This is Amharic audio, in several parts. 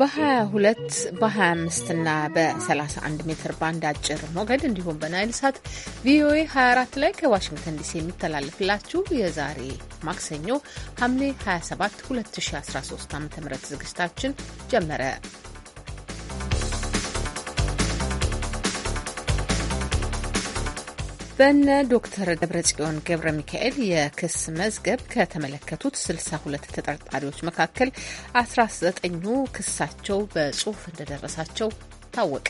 በ22 በ25 እና በ31 ሜትር ባንድ አጭር ሞገድ እንዲሁም በናይል ሳት ቪኦኤ 24 ላይ ከዋሽንግተን ዲሲ የሚተላለፍላችሁ የዛሬ ማክሰኞ ሐምሌ 27 2013 ዓ ም ዝግጅታችን ጀመረ። በነ ዶክተር ደብረጽዮን ገብረ ሚካኤል የክስ መዝገብ ከተመለከቱት 62 ተጠርጣሪዎች መካከል 19ኙ ክሳቸው በጽሁፍ እንደደረሳቸው ታወቀ።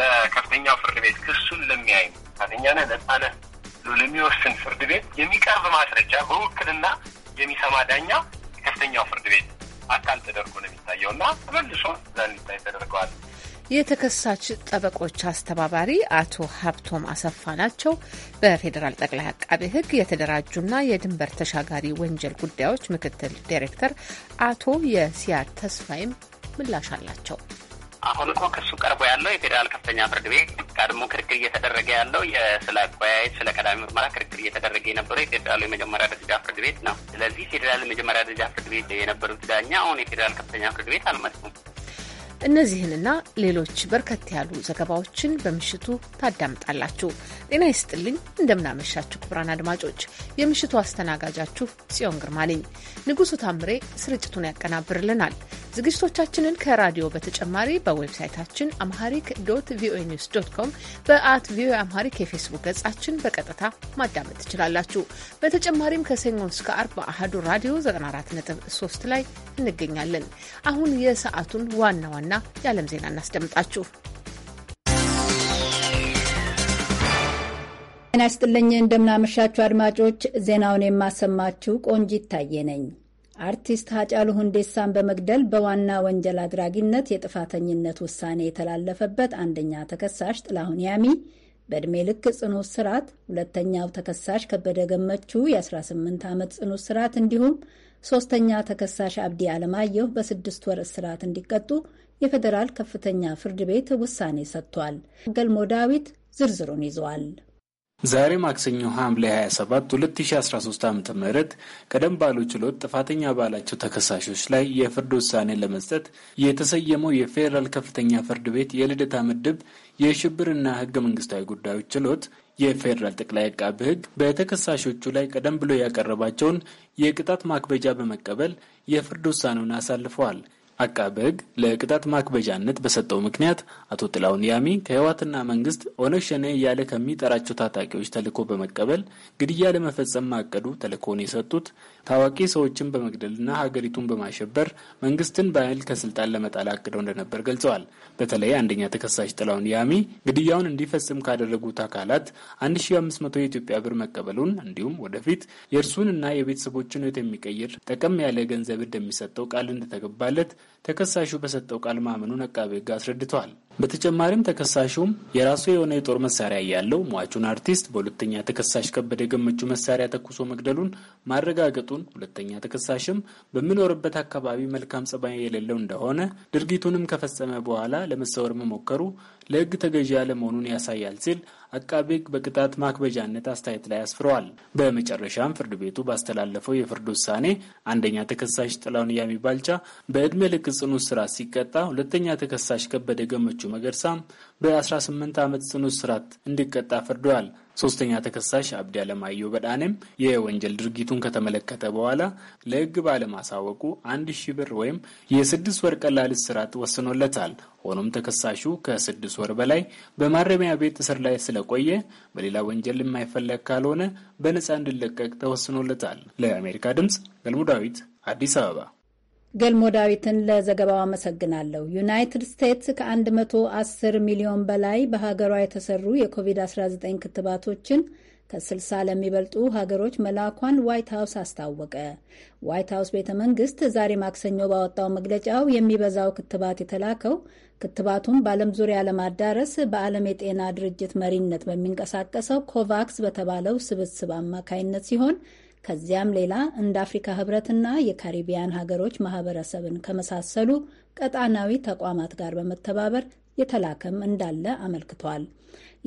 ለከፍተኛው ፍርድ ቤት ክሱን ለሚያይ ጥፋተኛ ነህ ነጻ ነህ ለሚወስን ፍርድ ቤት የሚቀርብ ማስረጃ በውክልና የሚሰማ ዳኛ ከፍተኛው ፍርድ ቤት አካል ተደርጎ ነው የሚታየውና ተመልሶ እዛ እንዲታይ ተደርገዋል። የተከሳች ጠበቆች አስተባባሪ አቶ ሀብቶም አሰፋ ናቸው። በፌዴራል ጠቅላይ አቃቤ ሕግ የተደራጁና የድንበር ተሻጋሪ ወንጀል ጉዳዮች ምክትል ዳይሬክተር አቶ የሲያድ ተስፋይም ምላሽ አላቸው። አሁን እኮ ክሱ ቀርቦ ያለው የፌዴራል ከፍተኛ ፍርድ ቤት ቀድሞ ክርክር እየተደረገ ያለው ስለ አቆያየት፣ ስለ ቀዳሚ ምርመራ ክርክር እየተደረገ የነበረው የፌዴራሉ የመጀመሪያ ደረጃ ፍርድ ቤት ነው። ስለዚህ ፌዴራል የመጀመሪያ ደረጃ ፍርድ ቤት የነበሩት ዳኛ አሁን የፌዴራል ከፍተኛ ፍርድ ቤት አልመጡም። እነዚህንና ሌሎች በርከት ያሉ ዘገባዎችን በምሽቱ ታዳምጣላችሁ። ጤና ይስጥልኝ፣ እንደምናመሻችሁ ክቡራን አድማጮች። የምሽቱ አስተናጋጃችሁ ጽዮን ግርማ ነኝ። ንጉሱ ታምሬ ስርጭቱን ያቀናብርልናል። ዝግጅቶቻችንን ከራዲዮ በተጨማሪ በዌብሳይታችን አምሃሪክ ዶት ቪኦኤ ኒውስ ዶት ኮም በአት ቪኦኤ አምሃሪክ የፌስቡክ ገጻችን በቀጥታ ማዳመጥ ትችላላችሁ። በተጨማሪም ከሰኞ እስከ አርብ በአህዱ ራዲዮ 94.3 ላይ እንገኛለን። አሁን የሰዓቱን ዋና ዋና የዓለም ዜና እናስደምጣችሁ። ጤና ይስጥልኝ። እንደምናመሻችሁ አድማጮች፣ ዜናውን የማሰማችሁ ቆንጂት ታየ ነኝ። አርቲስት ሀጫሉ ሁንዴሳን በመግደል በዋና ወንጀል አድራጊነት የጥፋተኝነት ውሳኔ የተላለፈበት አንደኛ ተከሳሽ ጥላሁን ያሚ በዕድሜ ልክ ጽኑ እስራት፣ ሁለተኛው ተከሳሽ ከበደ ገመቹ የ18 ዓመት ጽኑ እስራት እንዲሁም ሶስተኛ ተከሳሽ አብዲ አለማየሁ በስድስት ወር እስራት እንዲቀጡ የፌዴራል ከፍተኛ ፍርድ ቤት ውሳኔ ሰጥቷል። ገልሞ ዳዊት ዝርዝሩን ይዘዋል። ዛሬ ማክሰኞ ሐምሌ 27 2013 ዓ ም ቀደም ባሉ ችሎት ጥፋተኛ ባላቸው ተከሳሾች ላይ የፍርድ ውሳኔ ለመስጠት የተሰየመው የፌዴራል ከፍተኛ ፍርድ ቤት የልደታ ምድብ የሽብርና ህገ መንግስታዊ ጉዳዮች ችሎት የፌዴራል ጠቅላይ አቃቢ ህግ በተከሳሾቹ ላይ ቀደም ብሎ ያቀረባቸውን የቅጣት ማክበጃ በመቀበል የፍርድ ውሳኔውን አሳልፈዋል። አቃቤ ሕግ ለቅጣት ማክበጃነት በሰጠው ምክንያት አቶ ጥላሁን ያሚ ከህወሓትና መንግስት ኦነግ ሸኔ እያለ ከሚጠራቸው ታጣቂዎች ተልኮ በመቀበል ግድያ ለመፈጸም ማቀዱ ተልዕኮውን የሰጡት ታዋቂ ሰዎችን በመግደልና ሀገሪቱን በማሸበር መንግስትን በኃይል ከስልጣን ለመጣል አቅደው እንደነበር ገልጸዋል። በተለይ አንደኛ ተከሳሽ ጥላሁን ያሚ ግድያውን እንዲፈጽም ካደረጉት አካላት 1500 የኢትዮጵያ ብር መቀበሉን እንዲሁም ወደፊት የእርሱንና የቤተሰቦችን ሕይወት የሚቀይር ጠቀም ያለ ገንዘብ እንደሚሰጠው ቃል እንደተገባለት ተከሳሹ በሰጠው ቃል ማመኑን አቃቤ ሕግ አስረድተዋል። በተጨማሪም ተከሳሹም የራሱ የሆነ የጦር መሳሪያ እያለው ሟቹን አርቲስት በሁለተኛ ተከሳሽ ከበደ ገመቹ መሳሪያ ተኩሶ መግደሉን ማረጋገጡን፣ ሁለተኛ ተከሳሽም በሚኖርበት አካባቢ መልካም ጸባይ የሌለው እንደሆነ ድርጊቱንም ከፈጸመ በኋላ ለመሰወር መሞከሩ ለሕግ ተገዢ ያለመሆኑን ያሳያል ሲል አቃቤ ሕግ በቅጣት ማክበጃነት አስተያየት ላይ አስፍረዋል። በመጨረሻም ፍርድ ቤቱ ባስተላለፈው የፍርድ ውሳኔ አንደኛ ተከሳሽ ጥላውን እያሚ ባልቻ በዕድሜ ልክ ጽኑ እስራት ሲቀጣ፣ ሁለተኛ ተከሳሽ ከበደ ገመቹ መገርሳም በ18 ዓመት ጽኑ እስራት እንዲቀጣ ፈርደዋል። ሶስተኛ ተከሳሽ አብዲ አለማየሁ በዳኔም የወንጀል ድርጊቱን ከተመለከተ በኋላ ለሕግ ባለማሳወቁ አንድ ሺህ ብር ወይም የስድስት ወር ቀላል እስራት ወስኖለታል። ሆኖም ተከሳሹ ከስድስት ወር በላይ በማረሚያ ቤት እስር ላይ ስለቆየ በሌላ ወንጀል የማይፈለግ ካልሆነ በነፃ እንዲለቀቅ ተወስኖለታል። ለአሜሪካ ድምፅ ገልሙ ዳዊት አዲስ አበባ ገልሞ ዳዊትን ለዘገባው አመሰግናለሁ። ዩናይትድ ስቴትስ ከ110 ሚሊዮን በላይ በሀገሯ የተሰሩ የኮቪድ-19 ክትባቶችን ከ60 ለሚበልጡ ሀገሮች መላኳን ዋይት ሀውስ አስታወቀ። ዋይት ሀውስ ቤተ መንግስት ዛሬ ማክሰኞ ባወጣው መግለጫው የሚበዛው ክትባት የተላከው ክትባቱን በዓለም ዙሪያ ለማዳረስ በዓለም የጤና ድርጅት መሪነት በሚንቀሳቀሰው ኮቫክስ በተባለው ስብስብ አማካይነት ሲሆን ከዚያም ሌላ እንደ አፍሪካ ህብረትና የካሪቢያን ሀገሮች ማህበረሰብን ከመሳሰሉ ቀጣናዊ ተቋማት ጋር በመተባበር የተላከም እንዳለ አመልክቷል።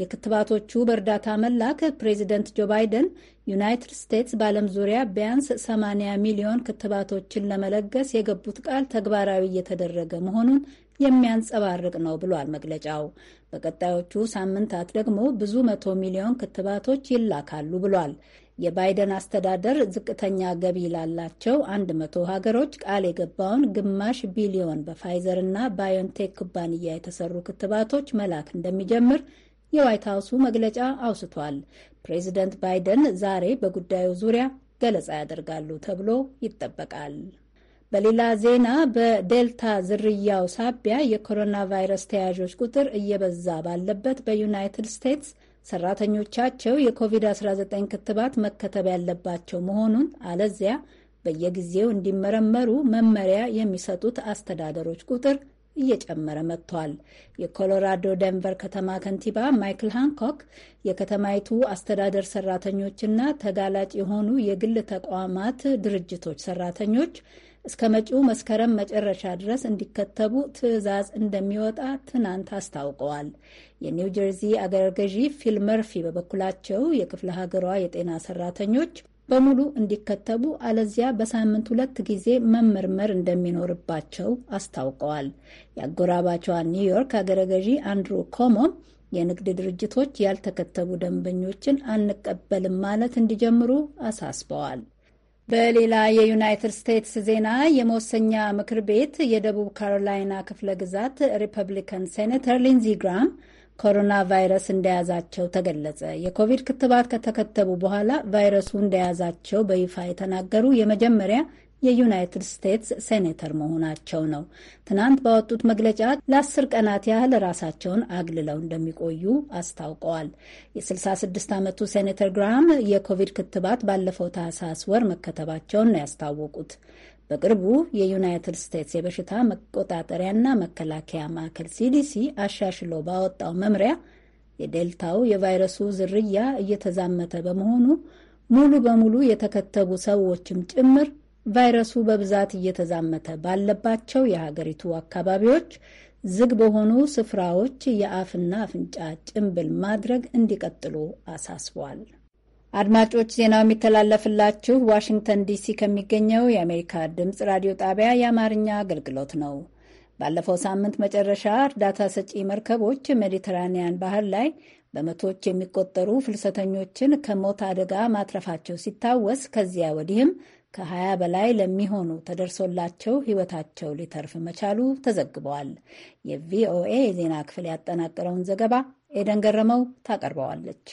የክትባቶቹ በእርዳታ መላክ ፕሬዚደንት ጆ ባይደን ዩናይትድ ስቴትስ በዓለም ዙሪያ ቢያንስ 80 ሚሊዮን ክትባቶችን ለመለገስ የገቡት ቃል ተግባራዊ እየተደረገ መሆኑን የሚያንጸባርቅ ነው ብሏል መግለጫው። በቀጣዮቹ ሳምንታት ደግሞ ብዙ መቶ ሚሊዮን ክትባቶች ይላካሉ ብሏል። የባይደን አስተዳደር ዝቅተኛ ገቢ ላላቸው 100 ሀገሮች ቃል የገባውን ግማሽ ቢሊዮን በፋይዘር እና ባዮንቴክ ኩባንያ የተሰሩ ክትባቶች መላክ እንደሚጀምር የዋይት ሀውሱ መግለጫ አውስቷል። ፕሬዚደንት ባይደን ዛሬ በጉዳዩ ዙሪያ ገለጻ ያደርጋሉ ተብሎ ይጠበቃል። በሌላ ዜና በዴልታ ዝርያው ሳቢያ የኮሮና ቫይረስ ተያዦች ቁጥር እየበዛ ባለበት በዩናይትድ ስቴትስ ሰራተኞቻቸው የኮቪድ-19 ክትባት መከተብ ያለባቸው መሆኑን አለዚያ በየጊዜው እንዲመረመሩ መመሪያ የሚሰጡት አስተዳደሮች ቁጥር እየጨመረ መጥቷል። የኮሎራዶ ደንቨር ከተማ ከንቲባ ማይክል ሃንኮክ የከተማይቱ አስተዳደር ሰራተኞችና ተጋላጭ የሆኑ የግል ተቋማት ድርጅቶች ሰራተኞች እስከ መጪው መስከረም መጨረሻ ድረስ እንዲከተቡ ትዕዛዝ እንደሚወጣ ትናንት አስታውቀዋል። የኒው ጀርዚ አገረ ገዢ ፊል መርፊ በበኩላቸው የክፍለ ሀገሯ የጤና ሰራተኞች በሙሉ እንዲከተቡ አለዚያ በሳምንት ሁለት ጊዜ መመርመር እንደሚኖርባቸው አስታውቀዋል። የአጎራባቸዋ ኒውዮርክ አገረ ገዢ አንድሩ ኮሞም የንግድ ድርጅቶች ያልተከተቡ ደንበኞችን አንቀበልም ማለት እንዲጀምሩ አሳስበዋል። በሌላ የዩናይትድ ስቴትስ ዜና የመወሰኛ ምክር ቤት የደቡብ ካሮላይና ክፍለ ግዛት ሪፐብሊካን ሴኔተር ሊንዚ ግራም ኮሮና ቫይረስ እንደያዛቸው ተገለጸ። የኮቪድ ክትባት ከተከተቡ በኋላ ቫይረሱ እንደያዛቸው በይፋ የተናገሩ የመጀመሪያ የዩናይትድ ስቴትስ ሴኔተር መሆናቸው ነው። ትናንት ባወጡት መግለጫ ለአስር ቀናት ያህል ራሳቸውን አግልለው እንደሚቆዩ አስታውቀዋል። የ66 ዓመቱ ሴኔተር ግራም የኮቪድ ክትባት ባለፈው ታህሳስ ወር መከተባቸውን ነው ያስታወቁት። በቅርቡ የዩናይትድ ስቴትስ የበሽታ መቆጣጠሪያና መከላከያ ማዕከል ሲዲሲ አሻሽሎ ባወጣው መምሪያ የዴልታው የቫይረሱ ዝርያ እየተዛመተ በመሆኑ ሙሉ በሙሉ የተከተቡ ሰዎችም ጭምር ቫይረሱ በብዛት እየተዛመተ ባለባቸው የሀገሪቱ አካባቢዎች ዝግ በሆኑ ስፍራዎች የአፍና አፍንጫ ጭንብል ማድረግ እንዲቀጥሉ አሳስቧል። አድማጮች ዜናው የሚተላለፍላችሁ ዋሽንግተን ዲሲ ከሚገኘው የአሜሪካ ድምፅ ራዲዮ ጣቢያ የአማርኛ አገልግሎት ነው። ባለፈው ሳምንት መጨረሻ እርዳታ ሰጪ መርከቦች ሜዲተራኒያን ባህር ላይ በመቶዎች የሚቆጠሩ ፍልሰተኞችን ከሞት አደጋ ማትረፋቸው ሲታወስ ከዚያ ወዲህም ከ20 በላይ ለሚሆኑ ተደርሶላቸው ሕይወታቸው ሊተርፍ መቻሉ ተዘግበዋል። የቪኦኤ የዜና ክፍል ያጠናቀረውን ዘገባ ኤደን ገረመው ታቀርበዋለች።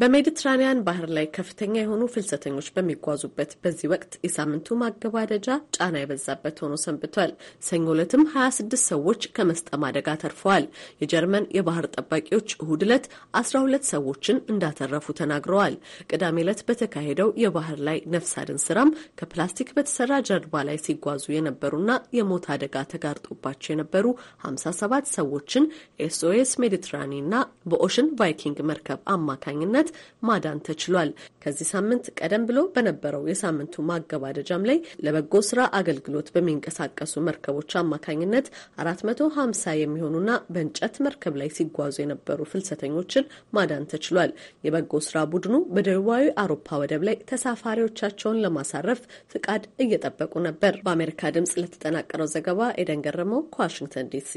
በሜዲትራኒያን ባህር ላይ ከፍተኛ የሆኑ ፍልሰተኞች በሚጓዙበት በዚህ ወቅት የሳምንቱ ማገባደጃ ጫና የበዛበት ሆኖ ሰንብቷል። ሰኞ ዕለትም 26 ሰዎች ከመስጠም አደጋ ተርፈዋል። የጀርመን የባህር ጠባቂዎች እሁድ ዕለት 12 ሰዎችን እንዳተረፉ ተናግረዋል። ቅዳሜ ዕለት በተካሄደው የባህር ላይ ነፍስ አድን ስራም ከፕላስቲክ በተሰራ ጀልባ ላይ ሲጓዙ የነበሩና የሞት አደጋ ተጋርጦባቸው የነበሩ 57 ሰዎችን ኤስኦኤስ ሜዲትራኒ እና በኦሽን ቫይኪንግ መርከብ አማካኝነት ምክንያት ማዳን ተችሏል። ከዚህ ሳምንት ቀደም ብሎ በነበረው የሳምንቱ ማገባደጃም ላይ ለበጎ ስራ አገልግሎት በሚንቀሳቀሱ መርከቦች አማካኝነት 450 የሚሆኑና በእንጨት መርከብ ላይ ሲጓዙ የነበሩ ፍልሰተኞችን ማዳን ተችሏል። የበጎ ስራ ቡድኑ በደቡባዊ አውሮፓ ወደብ ላይ ተሳፋሪዎቻቸውን ለማሳረፍ ፍቃድ እየጠበቁ ነበር። በአሜሪካ ድምጽ ለተጠናቀረው ዘገባ ኤደን ገረመው ከዋሽንግተን ዲሲ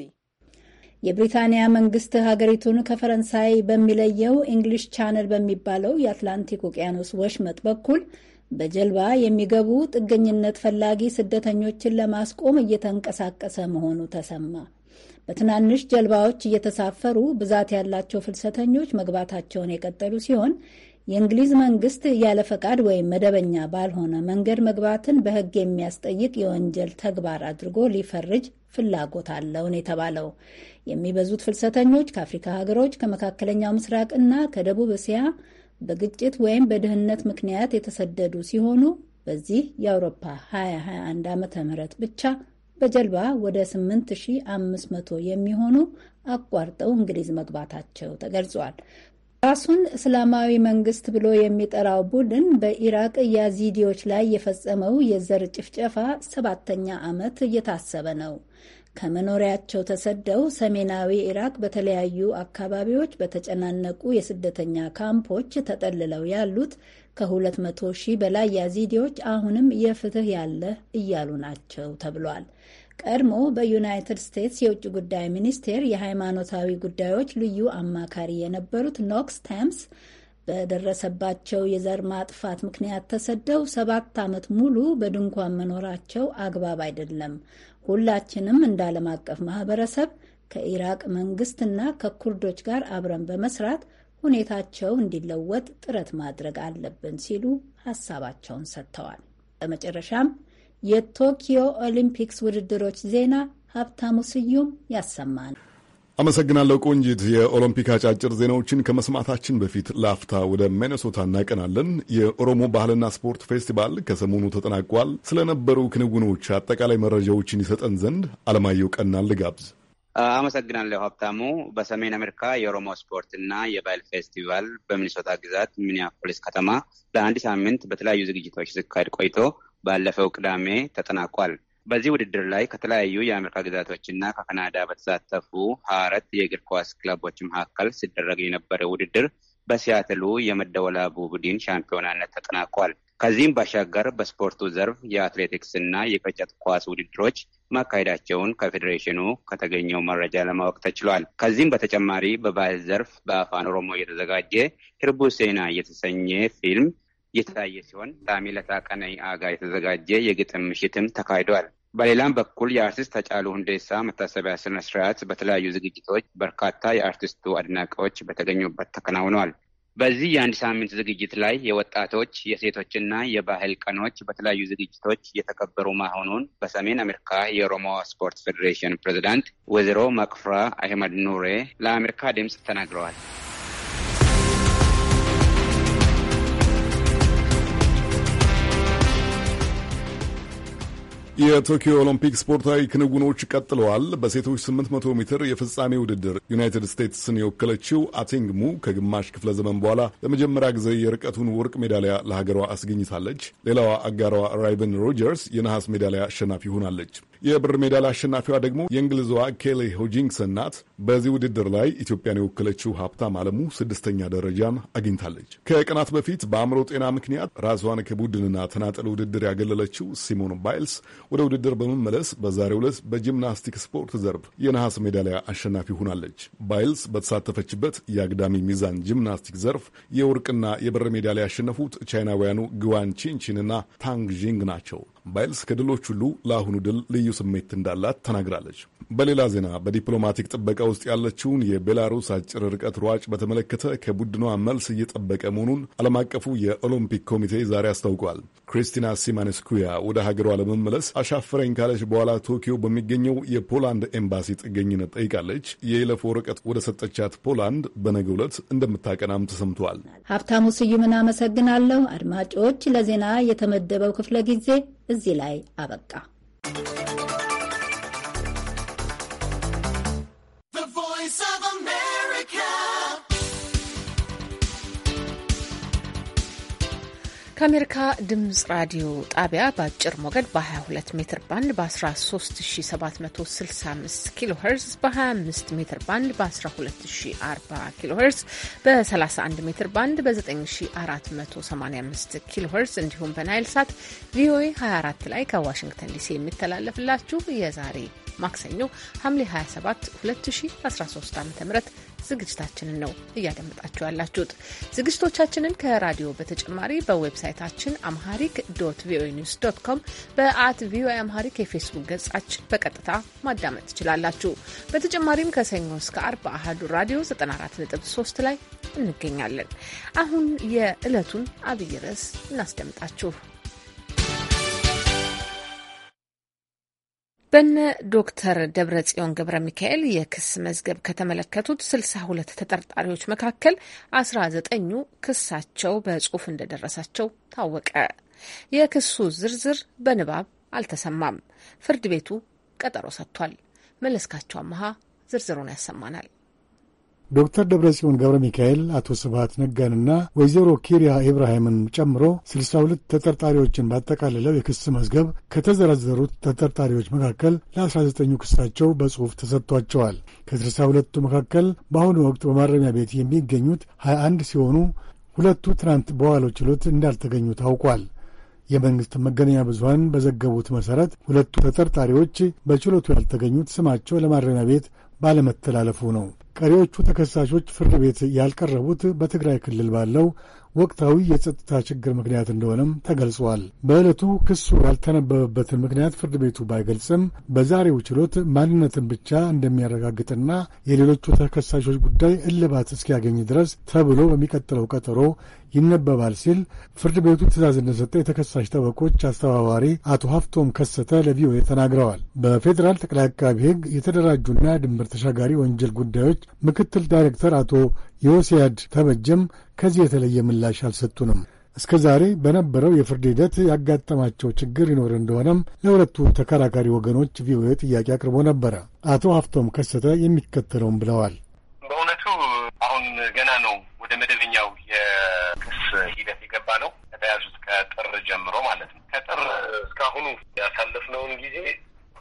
የብሪታንያ መንግስት ሀገሪቱን ከፈረንሳይ በሚለየው ኢንግሊሽ ቻነል በሚባለው የአትላንቲክ ውቅያኖስ ወሽመጥ በኩል በጀልባ የሚገቡ ጥገኝነት ፈላጊ ስደተኞችን ለማስቆም እየተንቀሳቀሰ መሆኑ ተሰማ። በትናንሽ ጀልባዎች እየተሳፈሩ ብዛት ያላቸው ፍልሰተኞች መግባታቸውን የቀጠሉ ሲሆን የእንግሊዝ መንግስት ያለ ፈቃድ ወይም መደበኛ ባልሆነ መንገድ መግባትን በሕግ የሚያስጠይቅ የወንጀል ተግባር አድርጎ ሊፈርጅ ፍላጎት አለው ነው የተባለው። የሚበዙት ፍልሰተኞች ከአፍሪካ ሀገሮች፣ ከመካከለኛው ምስራቅ እና ከደቡብ እስያ በግጭት ወይም በድህነት ምክንያት የተሰደዱ ሲሆኑ በዚህ የአውሮፓ 2021 ዓመተ ምህረት ብቻ በጀልባ ወደ 8500 የሚሆኑ አቋርጠው እንግሊዝ መግባታቸው ተገልጿል። ራሱን እስላማዊ መንግስት ብሎ የሚጠራው ቡድን በኢራቅ ያዚዲዎች ላይ የፈጸመው የዘር ጭፍጨፋ ሰባተኛ ዓመት እየታሰበ ነው። ከመኖሪያቸው ተሰደው ሰሜናዊ ኢራቅ በተለያዩ አካባቢዎች በተጨናነቁ የስደተኛ ካምፖች ተጠልለው ያሉት ከ200 ሺህ በላይ ያዚዲዎች አሁንም የፍትህ ያለ እያሉ ናቸው ተብሏል። ቀድሞ በዩናይትድ ስቴትስ የውጭ ጉዳይ ሚኒስቴር የሃይማኖታዊ ጉዳዮች ልዩ አማካሪ የነበሩት ኖክስ ታምስ በደረሰባቸው የዘር ማጥፋት ምክንያት ተሰደው ሰባት ዓመት ሙሉ በድንኳን መኖራቸው አግባብ አይደለም፣ ሁላችንም እንደ ዓለም አቀፍ ማህበረሰብ ከኢራቅ መንግስትና ከኩርዶች ጋር አብረን በመስራት ሁኔታቸው እንዲለወጥ ጥረት ማድረግ አለብን ሲሉ ሀሳባቸውን ሰጥተዋል። በመጨረሻም የቶኪዮ ኦሊምፒክስ ውድድሮች ዜና ሀብታሙ ስዩም ያሰማናል። አመሰግናለሁ ቆንጂት። የኦሎምፒክ አጫጭር ዜናዎችን ከመስማታችን በፊት ላፍታ ወደ ሚኔሶታ እናቀናለን። የኦሮሞ ባህልና ስፖርት ፌስቲቫል ከሰሞኑ ተጠናቋል። ስለነበሩ ክንውኖች አጠቃላይ መረጃዎችን ይሰጠን ዘንድ አለማየሁ ቀናን ልጋብዝ። አመሰግናለሁ ሀብታሙ። በሰሜን አሜሪካ የኦሮሞ ስፖርት እና የባህል ፌስቲቫል በሚኒሶታ ግዛት ሚኒያፖሊስ ከተማ ለአንድ ሳምንት በተለያዩ ዝግጅቶች ሲካሄድ ቆይቶ ባለፈው ቅዳሜ ተጠናቋል። በዚህ ውድድር ላይ ከተለያዩ የአሜሪካ ግዛቶችና ከካናዳ በተሳተፉ አራት የእግር ኳስ ክለቦች መካከል ሲደረግ የነበረ ውድድር በሲያትሉ የመደወላቡ ቡድን ሻምፒዮናነት ተጠናቋል። ከዚህም ባሻገር በስፖርቱ ዘርፍ የአትሌቲክስ እና የቅርጫት ኳስ ውድድሮች ማካሄዳቸውን ከፌዴሬሽኑ ከተገኘው መረጃ ለማወቅ ተችሏል። ከዚህም በተጨማሪ በባህል ዘርፍ በአፋን ኦሮሞ የተዘጋጀ ሂርቡ ሴና የተሰኘ ፊልም የተለያየ ሲሆን ቅዳሜ ዕለት አጋ የተዘጋጀ የግጥም ምሽትም ተካሂዷል። በሌላም በኩል የአርቲስት ሃጫሉ ሁንዴሳ መታሰቢያ ስነ ስርዓት በተለያዩ ዝግጅቶች በርካታ የአርቲስቱ አድናቂዎች በተገኙበት ተከናውነዋል። በዚህ የአንድ ሳምንት ዝግጅት ላይ የወጣቶች የሴቶችና የባህል ቀኖች በተለያዩ ዝግጅቶች የተከበሩ መሆኑን በሰሜን አሜሪካ የኦሮሞ ስፖርት ፌዴሬሽን ፕሬዚዳንት ወይዘሮ መቅፍራ አህመድ ኑሬ ለአሜሪካ ድምፅ ተናግረዋል። የቶኪዮ ኦሎምፒክ ስፖርታዊ ክንውኖች ቀጥለዋል። በሴቶች 800 ሜትር የፍጻሜ ውድድር ዩናይትድ ስቴትስን የወከለችው አቴንግ ሙ ከግማሽ ክፍለ ዘመን በኋላ ለመጀመሪያ ጊዜ የርቀቱን ወርቅ ሜዳሊያ ለሀገሯ አስገኝታለች። ሌላዋ አጋሯ ራይቨን ሮጀርስ የነሐስ ሜዳሊያ አሸናፊ ሆናለች። የብር ሜዳል አሸናፊዋ ደግሞ የእንግሊዟ ኬሌ ሆጂንግሰን ናት። በዚህ ውድድር ላይ ኢትዮጵያን የወከለችው ሀብታም አለሙ ስድስተኛ ደረጃን አግኝታለች። ከቀናት በፊት በአእምሮ ጤና ምክንያት ራሷን ከቡድንና ተናጠል ውድድር ያገለለችው ሲሞን ባይልስ ወደ ውድድር በመመለስ በዛሬው ዕለት በጂምናስቲክ ስፖርት ዘርፍ የነሐስ ሜዳሊያ አሸናፊ ሆናለች። ባይልስ በተሳተፈችበት የአግዳሚ ሚዛን ጂምናስቲክ ዘርፍ የወርቅና የብር ሜዳሊያ ያሸነፉት ቻይናውያኑ ግዋን ቺንቺንና ታንግ ዢንግ ናቸው። ባይልስ ከድሎች ሁሉ ለአሁኑ ድል ልዩ ስሜት እንዳላት ተናግራለች። በሌላ ዜና በዲፕሎማቲክ ጥበቃ ውስጥ ያለችውን የቤላሩስ አጭር ርቀት ሯጭ በተመለከተ ከቡድኗ መልስ እየጠበቀ መሆኑን ዓለም አቀፉ የኦሎምፒክ ኮሚቴ ዛሬ አስታውቋል። ክሪስቲና ሲማኔስኩያ ወደ ሀገሯ ለመመለስ አሻፈረኝ ካለች በኋላ ቶኪዮ በሚገኘው የፖላንድ ኤምባሲ ጥገኝነት ጠይቃለች። የይለፍ ርቀት ወደ ሰጠቻት ፖላንድ በነገ ዕለት እንደምታቀናም ተሰምተዋል። ሀብታሙ ስዩምን አመሰግናለሁ። አድማጮች ለዜና የተመደበው ክፍለ ጊዜ እዚህ ላይ አበቃ። ከአሜሪካ ድምጽ ራዲዮ ጣቢያ በአጭር ሞገድ በ22 ሜትር ባንድ በ13765 ኪሎ ሄርዝ በ25 ሜትር ባንድ በ1240 ኪሎ ሄርዝ በ31 ሜትር ባንድ በ9485 ኪሎ ሄርዝ እንዲሁም በናይል ሳት ቪኦኤ 24 ላይ ከዋሽንግተን ዲሲ የሚተላለፍላችሁ የዛሬ ማክሰኞ ሐምሌ 27 2013 ዓ ም ዝግጅታችንን ነው እያደመጣችሁ ያላችሁት። ዝግጅቶቻችንን ከራዲዮ በተጨማሪ በዌብሳይታችን አምሃሪክ ዶት ቪኦኤ ኒውስ ዶት ኮም፣ በአት ቪኦኤ አምሃሪክ የፌስቡክ ገጻችን በቀጥታ ማዳመጥ ትችላላችሁ። በተጨማሪም ከሰኞ እስከ አርብ አህዱ ራዲዮ 943 ላይ እንገኛለን። አሁን የዕለቱን አብይ ርዕስ እናስደምጣችሁ። በነ ዶክተር ደብረጽዮን ገብረ ሚካኤል የክስ መዝገብ ከተመለከቱት ስልሳ ሁለት ተጠርጣሪዎች መካከል አስራ ዘጠኙ ክሳቸው በጽሁፍ እንደደረሳቸው ታወቀ። የክሱ ዝርዝር በንባብ አልተሰማም። ፍርድ ቤቱ ቀጠሮ ሰጥቷል። መለስካቸው አመሃ ዝርዝሩን ያሰማናል። ዶክተር ደብረጽዮን ገብረ ሚካኤል አቶ ስብሃት ነጋንና ወይዘሮ ኪሪያ ኢብራሂምን ጨምሮ 6 ሁለት ተጠርጣሪዎችን ባጠቃለለው የክስ መዝገብ ከተዘረዘሩት ተጠርጣሪዎች መካከል 19 ዘጠኙ ክሳቸው በጽሑፍ ተሰጥቷቸዋል። ከ ከ6 ሁለቱ መካከል በአሁኑ ወቅት በማረሚያ ቤት የሚገኙት 21 ሲሆኑ ሁለቱ ትናንት በዋለው ችሎት እንዳልተገኙ ታውቋል። የመንግሥት መገናኛ ብዙኃን በዘገቡት መሠረት ሁለቱ ተጠርጣሪዎች በችሎቱ ያልተገኙት ስማቸው ለማረሚያ ቤት ባለመተላለፉ ነው። ቀሪዎቹ ተከሳሾች ፍርድ ቤት ያልቀረቡት በትግራይ ክልል ባለው ወቅታዊ የጸጥታ ችግር ምክንያት እንደሆነም ተገልጿል። በዕለቱ ክሱ ያልተነበበበትን ምክንያት ፍርድ ቤቱ ባይገልጽም በዛሬው ችሎት ማንነትን ብቻ እንደሚያረጋግጥና የሌሎቹ ተከሳሾች ጉዳይ እልባት እስኪያገኝ ድረስ ተብሎ በሚቀጥለው ቀጠሮ ይነበባል ሲል ፍርድ ቤቱ ትዕዛዝ እንደሰጠ የተከሳሽ ጠበቆች አስተባባሪ አቶ ሀፍቶም ከሰተ ለቪኦኤ ተናግረዋል። በፌዴራል ጠቅላይ አቃቢ ሕግ የተደራጁና ድንበር ተሻጋሪ ወንጀል ጉዳዮች ምክትል ዳይሬክተር አቶ ዮሲያድ ተበጀም ከዚህ የተለየ ምላሽ አልሰጡንም። እስከ ዛሬ በነበረው የፍርድ ሂደት ያጋጠማቸው ችግር ይኖር እንደሆነም ለሁለቱ ተከራካሪ ወገኖች ቪኦኤ ጥያቄ አቅርቦ ነበረ። አቶ ሀፍቶም ከሰተ የሚከተለውም ብለዋል። በእውነቱ አሁን ገና ነው ወደ መደበኛው የክስ ሂደት የገባ ነው። ከተያዙት ከጥር ጀምሮ ማለት ነው። ከጥር እስካሁኑ ያሳለፍነውን ጊዜ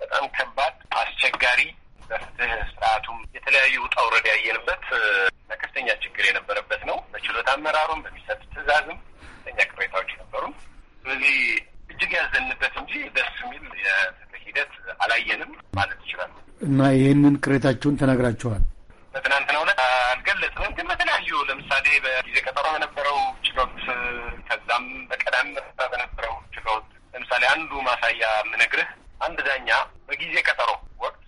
በጣም ከባድ አስቸጋሪ በፍትህ ስርዓቱም የተለያዩ ውጣ ውረድ ያየንበት ከፍተኛ ችግር የነበረበት ነው። በችሎት አመራሩም በሚሰጥ ትዕዛዝም ከፍተኛ ቅሬታዎች ነበሩ። ስለዚህ እጅግ ያዘንበት እንጂ ደስ የሚል የፍትህ ሂደት አላየንም ማለት ይችላል። እና ይህንን ቅሬታችሁን ተናግራችኋል? በትናንትናው ዕለት አልገለጽንም፣ ግን በተለያዩ ለምሳሌ በጊዜ ቀጠሮ በነበረው ችሎት፣ ከዛም በቀዳሚ በነበረው ችሎት ለምሳሌ አንዱ ማሳያ የምነግርህ አንድ ዳኛ በጊዜ ቀጠሮ ወቅት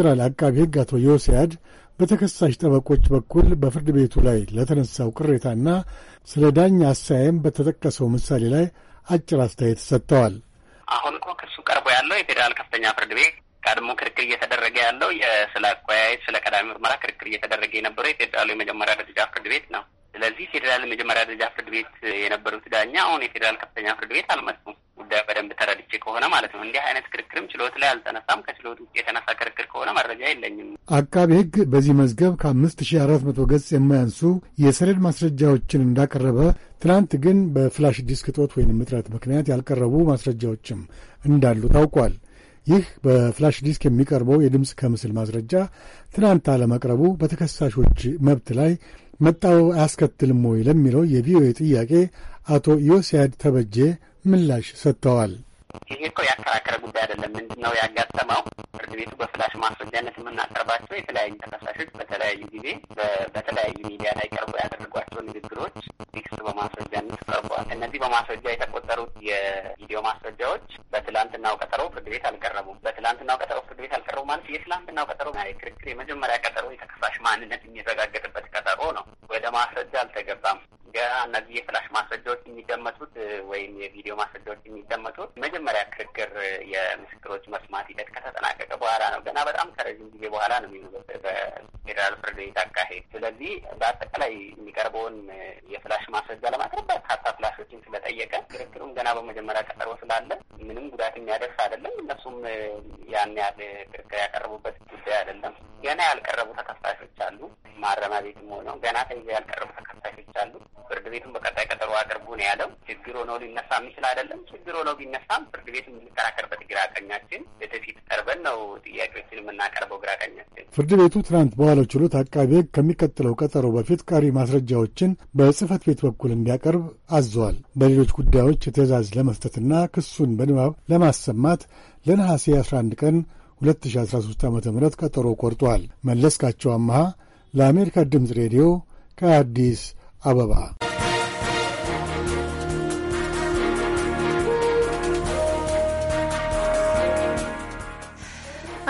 የፌዴራል አቃቢ ሕግ አቶ ዮሲያድ በተከሳሽ ጠበቆች በኩል በፍርድ ቤቱ ላይ ለተነሳው ቅሬታና ስለ ዳኛ አሰያየም በተጠቀሰው ምሳሌ ላይ አጭር አስተያየት ሰጥተዋል። አሁን እኮ ክሱ ቀርቦ ያለው የፌዴራል ከፍተኛ ፍርድ ቤት ቀድሞ ክርክር እየተደረገ ያለው ስለ አቆያየት፣ ስለ ቀዳሚ ምርመራ ክርክር እየተደረገ የነበረው የፌዴራሉ የመጀመሪያ ደረጃ ፍርድ ቤት ነው። ስለዚህ ፌዴራል የመጀመሪያ ደረጃ ፍርድ ቤት የነበሩት ዳኛ አሁን የፌዴራል ከፍተኛ ፍርድ ቤት አልመጡም። በደንብ ተረድቼ ከሆነ ማለት ነው። እንዲህ አይነት ክርክርም ችሎት ላይ አልተነሳም። ከችሎት የተነሳ ክርክር ከሆነ መረጃ የለኝም። አቃቤ ሕግ በዚህ መዝገብ ከአምስት ሺህ አራት መቶ ገጽ የማያንሱ የሰነድ ማስረጃዎችን እንዳቀረበ፣ ትናንት ግን በፍላሽ ዲስክ እጦት ወይም እጥረት ምክንያት ያልቀረቡ ማስረጃዎችም እንዳሉ ታውቋል። ይህ በፍላሽ ዲስክ የሚቀርበው የድምፅ ከምስል ማስረጃ ትናንት አለመቅረቡ በተከሳሾች መብት ላይ መጣው አያስከትልም ወይ ለሚለው የቪኦኤ ጥያቄ አቶ ዮስያድ ተበጄ ምላሽ ሰጥተዋል። ይሄ እኮ ያከራከረ ጉዳይ አይደለም። ምንድን ነው ያጋጠመው? ፍርድ ቤቱ በፍላሽ ማስረጃነት የምናቀርባቸው የተለያዩ ተከሳሾች በተለያዩ ጊዜ በተለያዩ ሚዲያ ላይ ቀርቦ ያደረጓቸው ንግግሮች ቴክስት በማስረጃነት ቀርቧል። እነዚህ በማስረጃ የተቆጠሩት የቪዲዮ ማስረጃዎች በትላንትናው ቀጠሮ ፍርድ ቤት አልቀረቡም። በትላንትናው ቀጠሮ ፍርድ ቤት አልቀረቡ ማለት የትላንትናው ቀጠሮ የክርክር የመጀመሪያ ቀጠሮ የተከሳሽ ማንነት የሚረጋገጥበት ቀጠሮ ነው። ወደ ማስረጃ አልተገባም። እነዚህ የፍላሽ ማስረጃዎች የሚደመጡት ወይም የቪዲዮ ማስረጃዎች የሚደመጡት መጀመሪያ ክርክር የምስክሮች መስማት ሂደት ከተጠናቀቀ በኋላ ነው። ገና በጣም ከረዥም ጊዜ በኋላ ነው የሚሆኑት በፌዴራል ፍርድ ቤት አካሄድ። ስለዚህ በአጠቃላይ የሚቀርበውን የፍላሽ ማስረጃ ለማቅረብ በርካታ ፍላሾችን ስለጠየቀ ክርክሩም ገና በመጀመሪያ ቀጠሮ ስላለ ምንም ጉዳት የሚያደርስ አይደለም። እነሱም ያን ያህል ክርክር ያቀረቡበት ጉዳይ አይደለም። ገና ያልቀረቡ ተከሳሾች አሉ። ማረሚያ ቤትም ሆነው ገና ተይዘው ያልቀረቡ ተከሳሾች አሉ። ፍርድ ቤቱን በቀጣይ ቀጠሮ አድርጎ ነው ያለው። ችግር ሆኖ ሊነሳ የሚችል አይደለም። ችግር ሆኖ ቢነሳም ፍርድ ቤቱ የምንከራከርበት ግራ ቀኛችን ቀርበን ነው ጥያቄዎችን የምናቀርበው ግራ ቀኛችን። ፍርድ ቤቱ ትናንት በዋለው ችሎት አቃቢ ሕግ ከሚቀጥለው ቀጠሮ በፊት ቀሪ ማስረጃዎችን በጽህፈት ቤት በኩል እንዲያቀርብ አዘዋል። በሌሎች ጉዳዮች ትዕዛዝ ለመስጠትና ክሱን በንባብ ለማሰማት ለነሐሴ 11 ቀን 2013 ዓ ም ቀጠሮ ቆርጧል። መለስካቸው አመሃ ለአሜሪካ ድምፅ ሬዲዮ ከአዲስ አበባ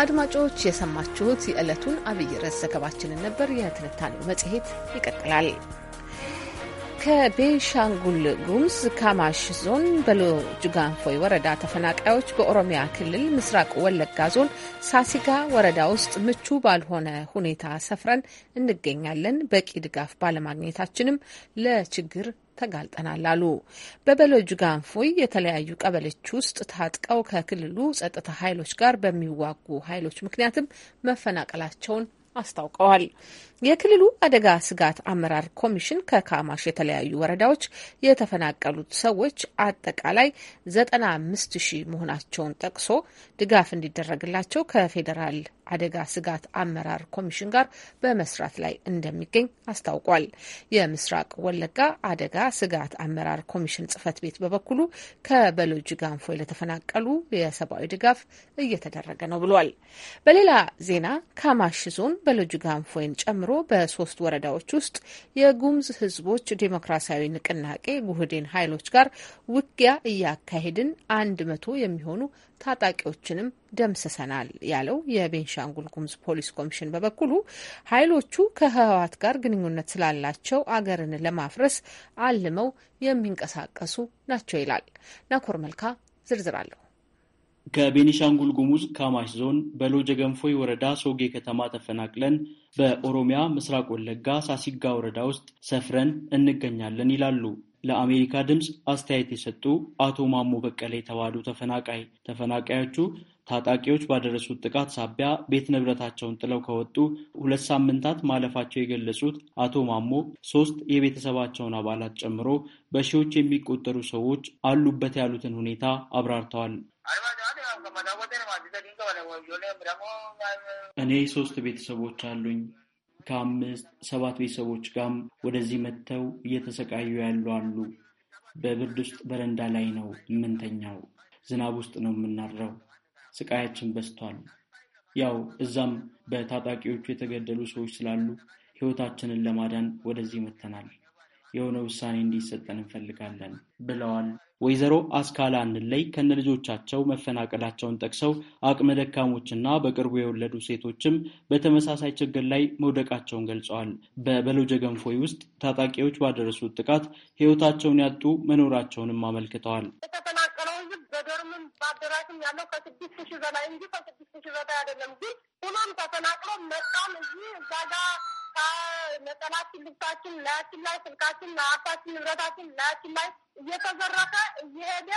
አድማጮች የሰማችሁት የዕለቱን አብይ ርዕስ ዘገባችንን ነበር። የትንታኔው መጽሔት ይቀጥላል። ከቤንሻንጉል ጉምዝ ካማሽ ዞን በሎ ጅጋንፎይ ወረዳ ተፈናቃዮች በኦሮሚያ ክልል ምስራቅ ወለጋ ዞን ሳሲጋ ወረዳ ውስጥ ምቹ ባልሆነ ሁኔታ ሰፍረን እንገኛለን። በቂ ድጋፍ ባለማግኘታችንም ለችግር ተጋልጠናል አሉ። በበሎ ጁጋንፎይ የተለያዩ ቀበሌዎች ውስጥ ታጥቀው ከክልሉ ጸጥታ ኃይሎች ጋር በሚዋጉ ኃይሎች ምክንያትም መፈናቀላቸውን አስታውቀዋል። የክልሉ አደጋ ስጋት አመራር ኮሚሽን ከካማሽ የተለያዩ ወረዳዎች የተፈናቀሉት ሰዎች አጠቃላይ ዘጠና አምስት ሺህ መሆናቸውን ጠቅሶ ድጋፍ እንዲደረግላቸው ከፌዴራል አደጋ ስጋት አመራር ኮሚሽን ጋር በመስራት ላይ እንደሚገኝ አስታውቋል። የምስራቅ ወለጋ አደጋ ስጋት አመራር ኮሚሽን ጽህፈት ቤት በበኩሉ ከበሎጅ ጋንፎ ለተፈናቀሉ የሰብአዊ ድጋፍ እየተደረገ ነው ብሏል። በሌላ ዜና ካማሽ ዞን በሎጅ ጋንፎይን ጨምሮ በሶስት ወረዳዎች ውስጥ የጉሙዝ ህዝቦች ዴሞክራሲያዊ ንቅናቄ ጉህዴን ኃይሎች ጋር ውጊያ እያካሄድን አንድ መቶ የሚሆኑ ታጣቂዎችንም ደምስሰናል ያለው የቤንሻንጉል ጉሙዝ ፖሊስ ኮሚሽን በበኩሉ ኃይሎቹ ከህወሓት ጋር ግንኙነት ስላላቸው አገርን ለማፍረስ አልመው የሚንቀሳቀሱ ናቸው ይላል። ናኮር መልካ ዝርዝር አለሁ። ከቤኒሻንጉል ጉሙዝ ካማሽ ዞን በሎጀ ገንፎይ ወረዳ ሶጌ ከተማ ተፈናቅለን በኦሮሚያ ምስራቅ ወለጋ ሳሲጋ ወረዳ ውስጥ ሰፍረን እንገኛለን ይላሉ ለአሜሪካ ድምፅ አስተያየት የሰጡ አቶ ማሞ በቀለ የተባሉ ተፈናቃይ ተፈናቃዮቹ ታጣቂዎች ባደረሱት ጥቃት ሳቢያ ቤት ንብረታቸውን ጥለው ከወጡ ሁለት ሳምንታት ማለፋቸው የገለጹት አቶ ማሞ ሶስት የቤተሰባቸውን አባላት ጨምሮ በሺዎች የሚቆጠሩ ሰዎች አሉበት ያሉትን ሁኔታ አብራርተዋል። እኔ ሶስት ቤተሰቦች አሉኝ። ከአምስት ሰባት ቤተሰቦች ጋርም ወደዚህ መጥተው እየተሰቃዩ ያሉ አሉ። በብርድ ውስጥ በረንዳ ላይ ነው የምንተኛው። ዝናብ ውስጥ ነው የምናድረው። ስቃያችን በዝቷል። ያው እዛም በታጣቂዎቹ የተገደሉ ሰዎች ስላሉ ሕይወታችንን ለማዳን ወደዚህ መጥተናል። የሆነ ውሳኔ እንዲሰጠን እንፈልጋለን ብለዋል። ወይዘሮ አስካላ አንለይ ከነ ልጆቻቸው መፈናቀላቸውን ጠቅሰው አቅመ ደካሞችና በቅርቡ የወለዱ ሴቶችም በተመሳሳይ ችግር ላይ መውደቃቸውን ገልጸዋል። በበሎጀ ገንፎይ ውስጥ ታጣቂዎች ባደረሱት ጥቃት ሕይወታቸውን ያጡ መኖራቸውንም አመልክተዋል። የተፈናቀለው ሕዝብ በዶርምም በአደራሽም ያለው ከስድስት ሺህ በላይ እንጂ ከስድስት ሺህ በላይ አይደለም። ግን ሁሉም ተፈናቅሎ መጣም እዚህ እዛ ጋር ነጠላችን፣ ልብሳችን ላያችን ላይ ስልካችን፣ ሀብታችን፣ ንብረታችን ላያችን ላይ እየተዘረፈ እየሄደ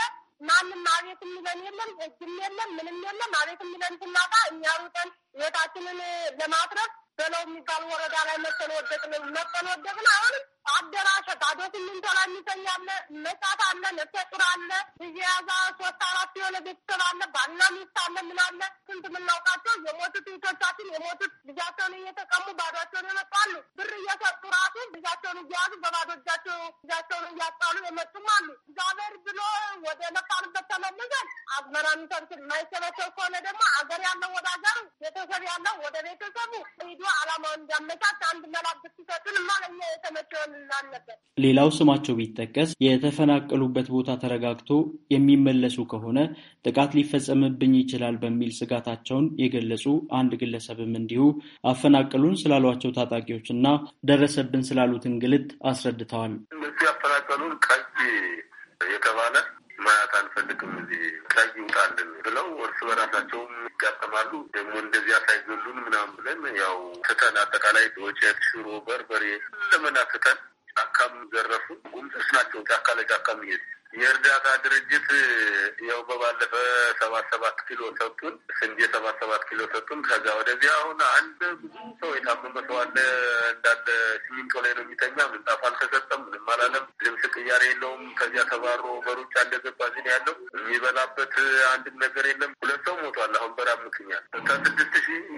ማንም አቤት የሚለን የለም፣ ህግም የለም፣ ምንም የለም። አቤት የሚለን ስናጣ እኛ ሩጠን ህይወታችንን ለማትረፍ በለው የሚባል ወረዳ ላይ መጠን ወደቅን መጠን ወደቅን አሁንም አደራሸ አዶ ስምንት ሆና የሚሰኝ አለ መጻት አለ ነፍሰ ጡር አለ እየያዛ ሶስት አራት የሆነ ቤተሰብ አለ ባልና ሚስት አለ ምን አለ ስንት የምናውቃቸው የሞቱት እህቶቻችን የሞቱት ልጃቸውን እየተቀሙ ባዷቸውን የመጣሉ ብር እየሰጡ ራሱ ልጃቸውን እያያዙ በባዶ እጃቸው ልጃቸውን እያጣሉ የመጡም አሉ። እግዚአብሔር ብሎ ወደ መጣንበት ተመልሰን አዝመራ ሚሰብስ የማይሰበሰብ ከሆነ ደግሞ አገር ያለው ወደ አገሩ ቤተሰብ ያለው ወደ ቤተሰቡ ሂዶ አላማውን እንዲያመቻች አንድ መላ ብትሰጡን ማለኛ የተመቸውን ሌላው ስማቸው ቢጠቀስ የተፈናቀሉበት ቦታ ተረጋግቶ የሚመለሱ ከሆነ ጥቃት ሊፈጸምብኝ ይችላል በሚል ስጋታቸውን የገለጹ አንድ ግለሰብም እንዲሁ አፈናቀሉን ስላሏቸው ታጣቂዎችና ደረሰብን ስላሉት እንግልት አስረድተዋል። እነዚህ አፈናቀሉን ቀይ የተባለ ማያት አንፈልግም እዚህ ሳይ ይውጣልን ብለው እርስ በራሳቸውም ይጋጠማሉ። ደግሞ እንደዚያ ሳይገሉን ምናምን ብለን ያው ትተን አጠቃላይ ወጨት፣ ሽሮ፣ በርበሬ ለመና ትተን ጫካም ዘረፉ። ጉምሶች ናቸው ጫካ ለጫካም ይሄድ የእርዳታ ድርጅት ያው በባለፈ ሰባት ሰባት ኪሎ ሰጡን፣ ስንዴ ሰባት ሰባት ኪሎ ሰጡን። ከዛ ወደዚህ አሁን አንድ ብዙ ሰው የታመመ ሰው አለ እንዳለ ሲሚንቶ ላይ ነው የሚተኛ። ምንጣፍ አልተሰጠም፣ ምንም አላለም። ልብስ ቅያሬ የለውም። ከዚያ ተባሮ በሩጭ አለገባ ዝን ያለው የሚበላበት አንድም ነገር የለም። ሁለት ሰው ሞቷል። አሁን በራብ ምክንያት ከስድስት ሺህ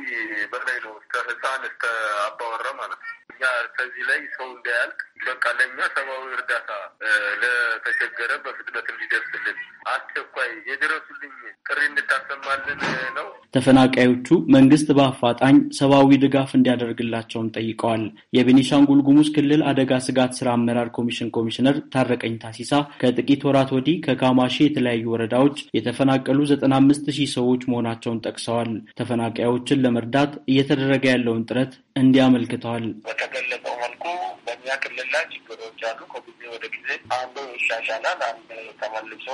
በላይ ነው እስከ ህፃን እስከ አባወራ ማለት ነው። እኛ ከዚህ ላይ ሰው እንዳያልቅ በቃ ለእኛ ሰብአዊ እርዳታ ለተቸገረ በፍጥነት እንዲደርስልን አስቸኳይ የድረሱልኝ ጥሪ እንድታሰማልን ነው። ተፈናቃዮቹ መንግስት በአፋጣኝ ሰብአዊ ድጋፍ እንዲያደርግላቸውም ጠይቀዋል። የቤኒሻንጉል ጉሙዝ ክልል አደጋ ስጋት ስራ አመራር ኮሚሽን ኮሚሽነር ታረቀኝ ታሲሳ ከጥቂት ወራት ወዲህ ከካማሺ የተለያዩ ወረዳዎች የተፈናቀሉ 95 ሺህ ሰዎች መሆናቸውን ጠቅሰዋል። ተፈናቃዮችን ለመርዳት እየተደረገ ያለውን ጥረት እንዲያመልክተዋል። በተገለጸው መልኩ በእኛ ክልል ላይ አሉ። ከጊዜ ወደ ጊዜ አንዱ ይሻሻላል፣ አንዱ ተመልሶ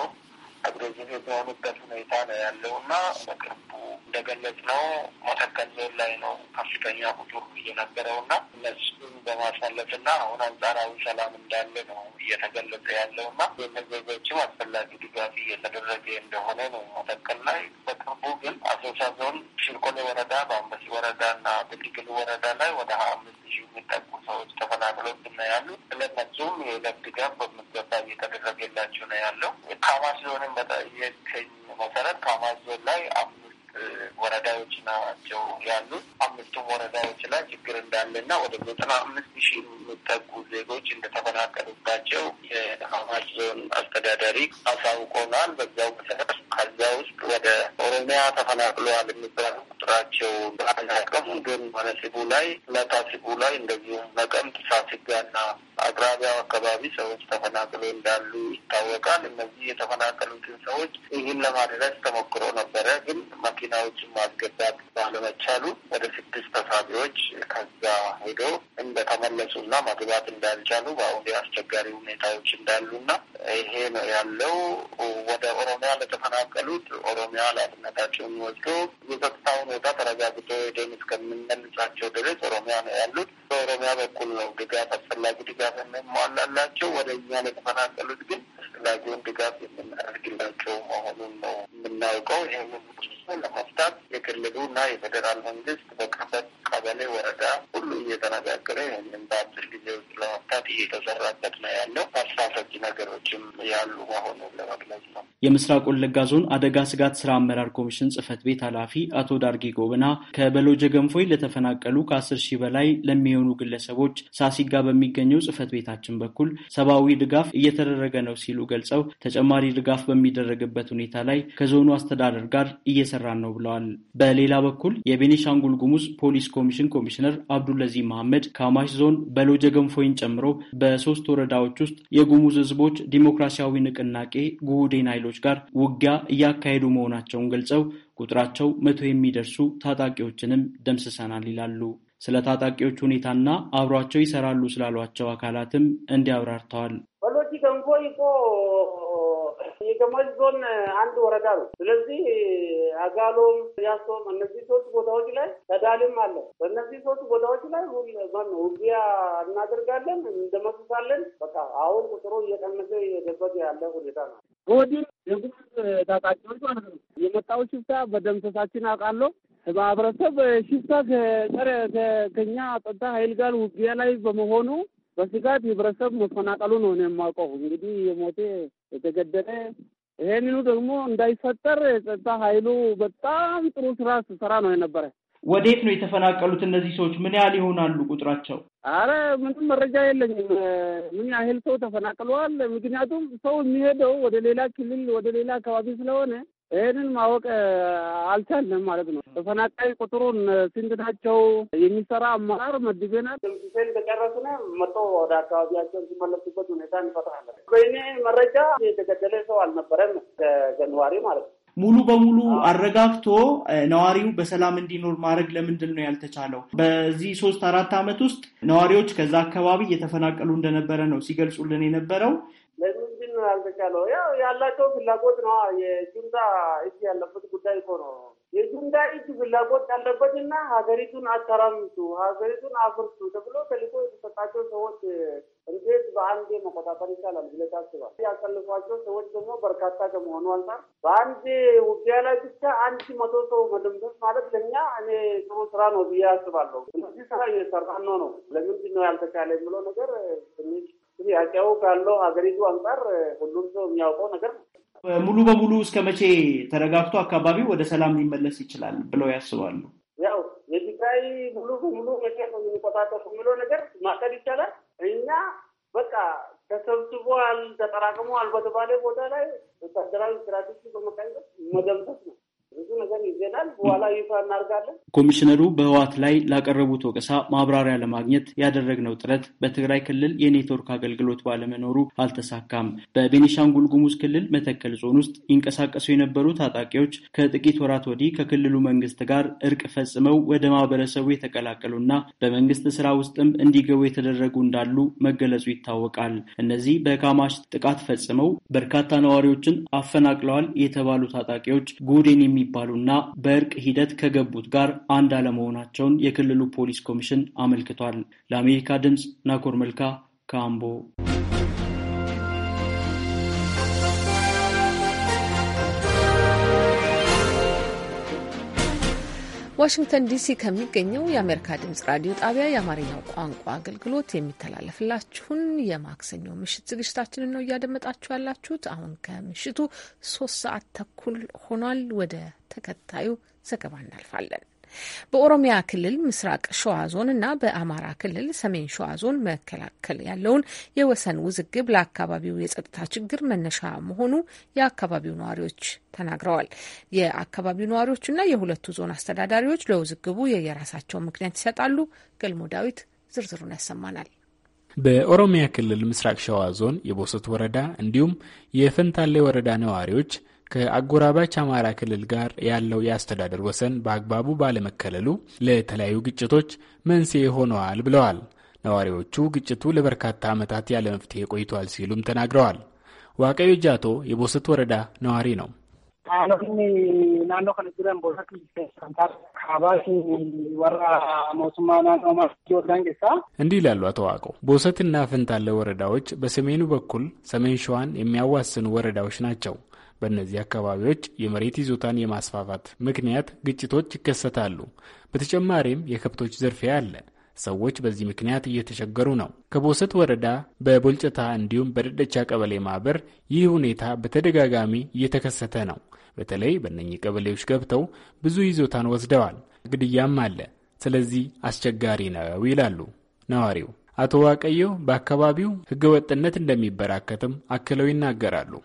አግሬሲቭ የሚሆኑበት ሁኔታ ነው ያለው እና በቅርቡ እንደገለጽ ነው መተከል ዞን ላይ ነው ከፍተኛ ቁጥር እየነበረው እና እነሱን በማሳለፍ እና አሁን አንጻራዊ ሰላም እንዳለ ነው እየተገለጸ ያለው እና የመዘዞችም አስፈላጊ ድጋፍ እየተደረገ እንደሆነ ነው መተከል ላይ። በቅርቡ ግን አሶሳ ዞን ሽርቆሌ ወረዳ፣ በአንበሲ ወረዳ እና ብልግል ወረዳ ላይ ወደ ሀያ አምስት ሺህ የሚጠጉ ሰዎች ተፈናቅለው ብናያሉ። ስለነሱም የዕለት ድጋፍ በሚገባ እየተደረገላቸው ነው ያለው ካማስ ዞን በጠየቀኝ መሰረት ከአማዞን ላይ አምስት ወረዳዎች ናቸው ያሉት። አምስቱም ወረዳዎች ላይ ችግር እንዳለና ወደ ዘጠና አምስት ሺህ የሚጠጉ ዜጎች እንደተፈናቀሉባቸው የአማዞን አስተዳዳሪ አሳውቆናል። በዛው መሰረት ከዛ ውስጥ ወደ ኦሮሚያ ተፈናቅለዋል የሚባሉ ቁጥራቸው አናውቅም፣ ግን መነሲቡ ላይ መታሲቡ ላይ እንደዚሁም ነቀምት ሳሲጋና አቅራቢያው አካባቢ ሰዎች ተፈናቅሎ እንዳሉ ይታወቃል። እነዚህ የተፈናቀሉትን ሰዎች ይህን ለማድረስ ተሞክሮ ነበረ፣ ግን መኪናዎችን ማስገባት ባለመቻሉ ወደ ስድስት ተሳቢዎች ከዛ ሄዶ እንደተመለሱና መግባት እንዳልቻሉ በአሁኑ አስቸጋሪ ሁኔታዎች እንዳሉና ይሄ ነው ያለው። ወደ ኦሮሚያ ለተፈናቀሉት ኦሮሚያ ኃላፊነታቸውን ወስዶ የጸጥታ ሁኔታ ተረጋግጦ ሄደን እስከምንመልሳቸው ድረስ ኦሮሚያ ነው ያሉት። በኦሮሚያ በኩል ነው ድጋፍ አስፈላጊ ድጋፍ የሚሟላላቸው። ወደ እኛ ለተፈናቀሉት ግን አስፈላጊውን ድጋፍ የምናደርግላቸው መሆኑን ነው የምናውቀው። ይህንን ለመፍታት የክልሉ እና የፌዴራል መንግስት በቅርበት ቀበሌ፣ ወረዳ ሁሉ እየተነጋገረ ይህንን በአጭር ጊዜ ውስጥ ለመፍታት እየተሰራበት ነው ያለው። አስራሰጅ ነገሮችም ያሉ መሆኑ ለመግለጽ ነው። የምስራቅ ወለጋ ዞን አደጋ ስጋት ስራ አመራር ኮሚሽን ጽህፈት ቤት ኃላፊ አቶ ዳርጌ ጎብና ከበሎጀ ገንፎይ ለተፈናቀሉ ከአስር ሺህ በላይ ለሚሆኑ ግለሰቦች ሳሲጋ በሚገኘው ጽህፈት ቤታችን በኩል ሰብአዊ ድጋፍ እየተደረገ ነው ሲሉ ገልጸው ተጨማሪ ድጋፍ በሚደረግበት ሁኔታ ላይ ከዞኑ አስተዳደር ጋር እየሰራ እየሰራን ነው ብለዋል። በሌላ በኩል የቤኒሻንጉል ጉሙዝ ፖሊስ ኮሚሽን ኮሚሽነር አብዱለዚህ መሐመድ ካማሽ ዞን በሎጀ ገንፎይን ጨምሮ በሶስት ወረዳዎች ውስጥ የጉሙዝ ህዝቦች ዲሞክራሲያዊ ንቅናቄ ጉሁዴን ኃይሎች ጋር ውጊያ እያካሄዱ መሆናቸውን ገልጸው ቁጥራቸው መቶ የሚደርሱ ታጣቂዎችንም ደምስሰናል ይላሉ። ስለ ታጣቂዎች ሁኔታና አብሯቸው ይሰራሉ ስላሏቸው አካላትም እንዲያብራርተዋል። የገማሽ ዞን አንድ ወረዳ ነው። ስለዚህ አጋሎም፣ ያሶም እነዚህ ሶስት ቦታዎች ላይ ተዳልም አለ። በእነዚህ ሶስት ቦታዎች ላይ ሁሉ ውጊያ እናደርጋለን፣ እንደመስሳለን። በቃ አሁን ቁጥሩ እየቀነሰ እየገበት ያለ ሁኔታ ነው። ወዲህ የጉድ ታጣቂዎች ማለት ነው የመጣው ሽፍታ በደምሰሳችን አውቃለሁ። ማህበረሰብ ሽፍታ ከጸረ ከኛ ጸጥታ ኃይል ጋር ውጊያ ላይ በመሆኑ በስጋት ህብረተሰብ መፈናቀሉ ነው ነው የማውቀው እንግዲህ የሞቴ የተገደለ ይሄንኑ ደግሞ እንዳይፈጠር የጸጥታ ኃይሉ በጣም ጥሩ ስራ ስሰራ ነው የነበረ። ወዴት ነው የተፈናቀሉት እነዚህ ሰዎች? ምን ያህል ይሆናሉ ቁጥራቸው? አረ ምንም መረጃ የለኝም ምን ያህል ሰው ተፈናቅለዋል። ምክንያቱም ሰው የሚሄደው ወደ ሌላ ክልል ወደ ሌላ አካባቢ ስለሆነ ይህንን ማወቅ አልቻለም ማለት ነው። ተፈናቃይ ቁጥሩን ስንት ናቸው? የሚሰራ አመራር መድበናል። ጊዜን ከጨረስን መጦ ወደ አካባቢያቸው ሲመለሱበት ሁኔታ እንፈጥራለን። በእኔ መረጃ የተገደለ ሰው አልነበረም ከጀንዋሪ ማለት ነው። ሙሉ በሙሉ አረጋግቶ ነዋሪው በሰላም እንዲኖር ማድረግ ለምንድን ነው ያልተቻለው? በዚህ ሶስት አራት ዓመት ውስጥ ነዋሪዎች ከዛ አካባቢ እየተፈናቀሉ እንደነበረ ነው ሲገልጹልን የነበረው። ለምንድን ነው ያልተቻለው? ያው ያላቸው ፍላጎት ነው። የጁንታ እጅ ያለበት ጉዳይ እኮ ነው። የጁንታ እጅ ፍላጎት ያለበት እና ሀገሪቱን አተራምሱ፣ ሀገሪቱን አፍርሱ ተብሎ ተልእኮ የተሰጣቸው ሰዎች እንዴት በአንዴ መቆጣጠር ይቻላል ብለህ ታስባለህ? ያሰልፏቸው ሰዎች ደግሞ በርካታ ከመሆኑ አንጻር በአንድ ውጊያ ላይ ብቻ አንድ መቶ ሰው መደምሰስ ማለት ለእኛ እኔ ጥሩ ስራ ነው ብዬ አስባለሁ። እዚህ ስራ እየሰራን ነው ነው ለምንድን ነው ያልተቻለ የምለው ነገር ትንሽ እንግዲህ አቂያው ካለው ሀገሪቱ አንጻር ሁሉም ሰው የሚያውቀው ነገር ነው። ሙሉ በሙሉ እስከ መቼ ተረጋግቶ አካባቢው ወደ ሰላም ሊመለስ ይችላል ብለው ያስባሉ? ያው የትግራይ ሙሉ በሙሉ መቼ ነው የሚቆጣጠሩ የሚለው ነገር ማቀድ ይቻላል። እኛ በቃ ተሰብስቧል፣ ተጠራቅሟል በተባለ ቦታ ላይ ወታደራዊ ስትራቴጂ በመቃኘት መደምሰስ ነው። ብዙ ነገር ይዘናል። በኋላ ይፋ እናርጋለን። ኮሚሽነሩ በህዋት ላይ ላቀረቡት ወቀሳ ማብራሪያ ለማግኘት ያደረግነው ጥረት በትግራይ ክልል የኔትወርክ አገልግሎት ባለመኖሩ አልተሳካም። በቤኒሻንጉል ጉሙዝ ክልል መተከል ዞን ውስጥ ይንቀሳቀሱ የነበሩ ታጣቂዎች ከጥቂት ወራት ወዲህ ከክልሉ መንግስት ጋር እርቅ ፈጽመው ወደ ማህበረሰቡ የተቀላቀሉና በመንግስት ስራ ውስጥም እንዲገቡ የተደረጉ እንዳሉ መገለጹ ይታወቃል። እነዚህ በካማሽ ጥቃት ፈጽመው በርካታ ነዋሪዎችን አፈናቅለዋል የተባሉ ታጣቂዎች ጉዴን የሚ ከሚባሉና በእርቅ ሂደት ከገቡት ጋር አንድ አለመሆናቸውን የክልሉ ፖሊስ ኮሚሽን አመልክቷል። ለአሜሪካ ድምፅ ናኮር መልካ ከአምቦ ዋሽንግተን ዲሲ ከሚገኘው የአሜሪካ ድምጽ ራዲዮ ጣቢያ የአማርኛው ቋንቋ አገልግሎት የሚተላለፍላችሁን የማክሰኞ ምሽት ዝግጅታችንን ነው እያደመጣችሁ ያላችሁት። አሁን ከምሽቱ ሶስት ሰዓት ተኩል ሆኗል። ወደ ተከታዩ ዘገባ እናልፋለን። በኦሮሚያ ክልል ምስራቅ ሸዋ ዞን እና በአማራ ክልል ሰሜን ሸዋ ዞን መከላከል ያለውን የወሰን ውዝግብ ለአካባቢው የጸጥታ ችግር መነሻ መሆኑ የአካባቢው ነዋሪዎች ተናግረዋል። የአካባቢው ነዋሪዎችና የሁለቱ ዞን አስተዳዳሪዎች ለውዝግቡ የየራሳቸው ምክንያት ይሰጣሉ። ገልሞ ዳዊት ዝርዝሩን ያሰማናል። በኦሮሚያ ክልል ምስራቅ ሸዋ ዞን የቦሰት ወረዳ እንዲሁም የፈንታሌ ወረዳ ነዋሪዎች ከአጎራባች አማራ ክልል ጋር ያለው የአስተዳደር ወሰን በአግባቡ ባለመከለሉ ለተለያዩ ግጭቶች መንስኤ ሆነዋል ብለዋል። ነዋሪዎቹ ግጭቱ ለበርካታ ዓመታት ያለ መፍትሄ ቆይቷል ሲሉም ተናግረዋል። ዋቀዮ ጃቶ የቦሰት ወረዳ ነዋሪ ነው። እንዲህ ይላሉ አቶ ዋቀው። ቦሰትና ፈንታለ ወረዳዎች በሰሜኑ በኩል ሰሜን ሸዋን የሚያዋስኑ ወረዳዎች ናቸው። በእነዚህ አካባቢዎች የመሬት ይዞታን የማስፋፋት ምክንያት ግጭቶች ይከሰታሉ። በተጨማሪም የከብቶች ዝርፊያ አለ። ሰዎች በዚህ ምክንያት እየተቸገሩ ነው። ከቦሰት ወረዳ በቦልጨታ እንዲሁም በደደቻ ቀበሌ ማህበር ይህ ሁኔታ በተደጋጋሚ እየተከሰተ ነው። በተለይ በእነኚህ ቀበሌዎች ገብተው ብዙ ይዞታን ወስደዋል። ግድያም አለ። ስለዚህ አስቸጋሪ ነው ይላሉ ነዋሪው። አቶ ዋቀየው በአካባቢው ህገወጥነት እንደሚበራከትም አክለው ይናገራሉ።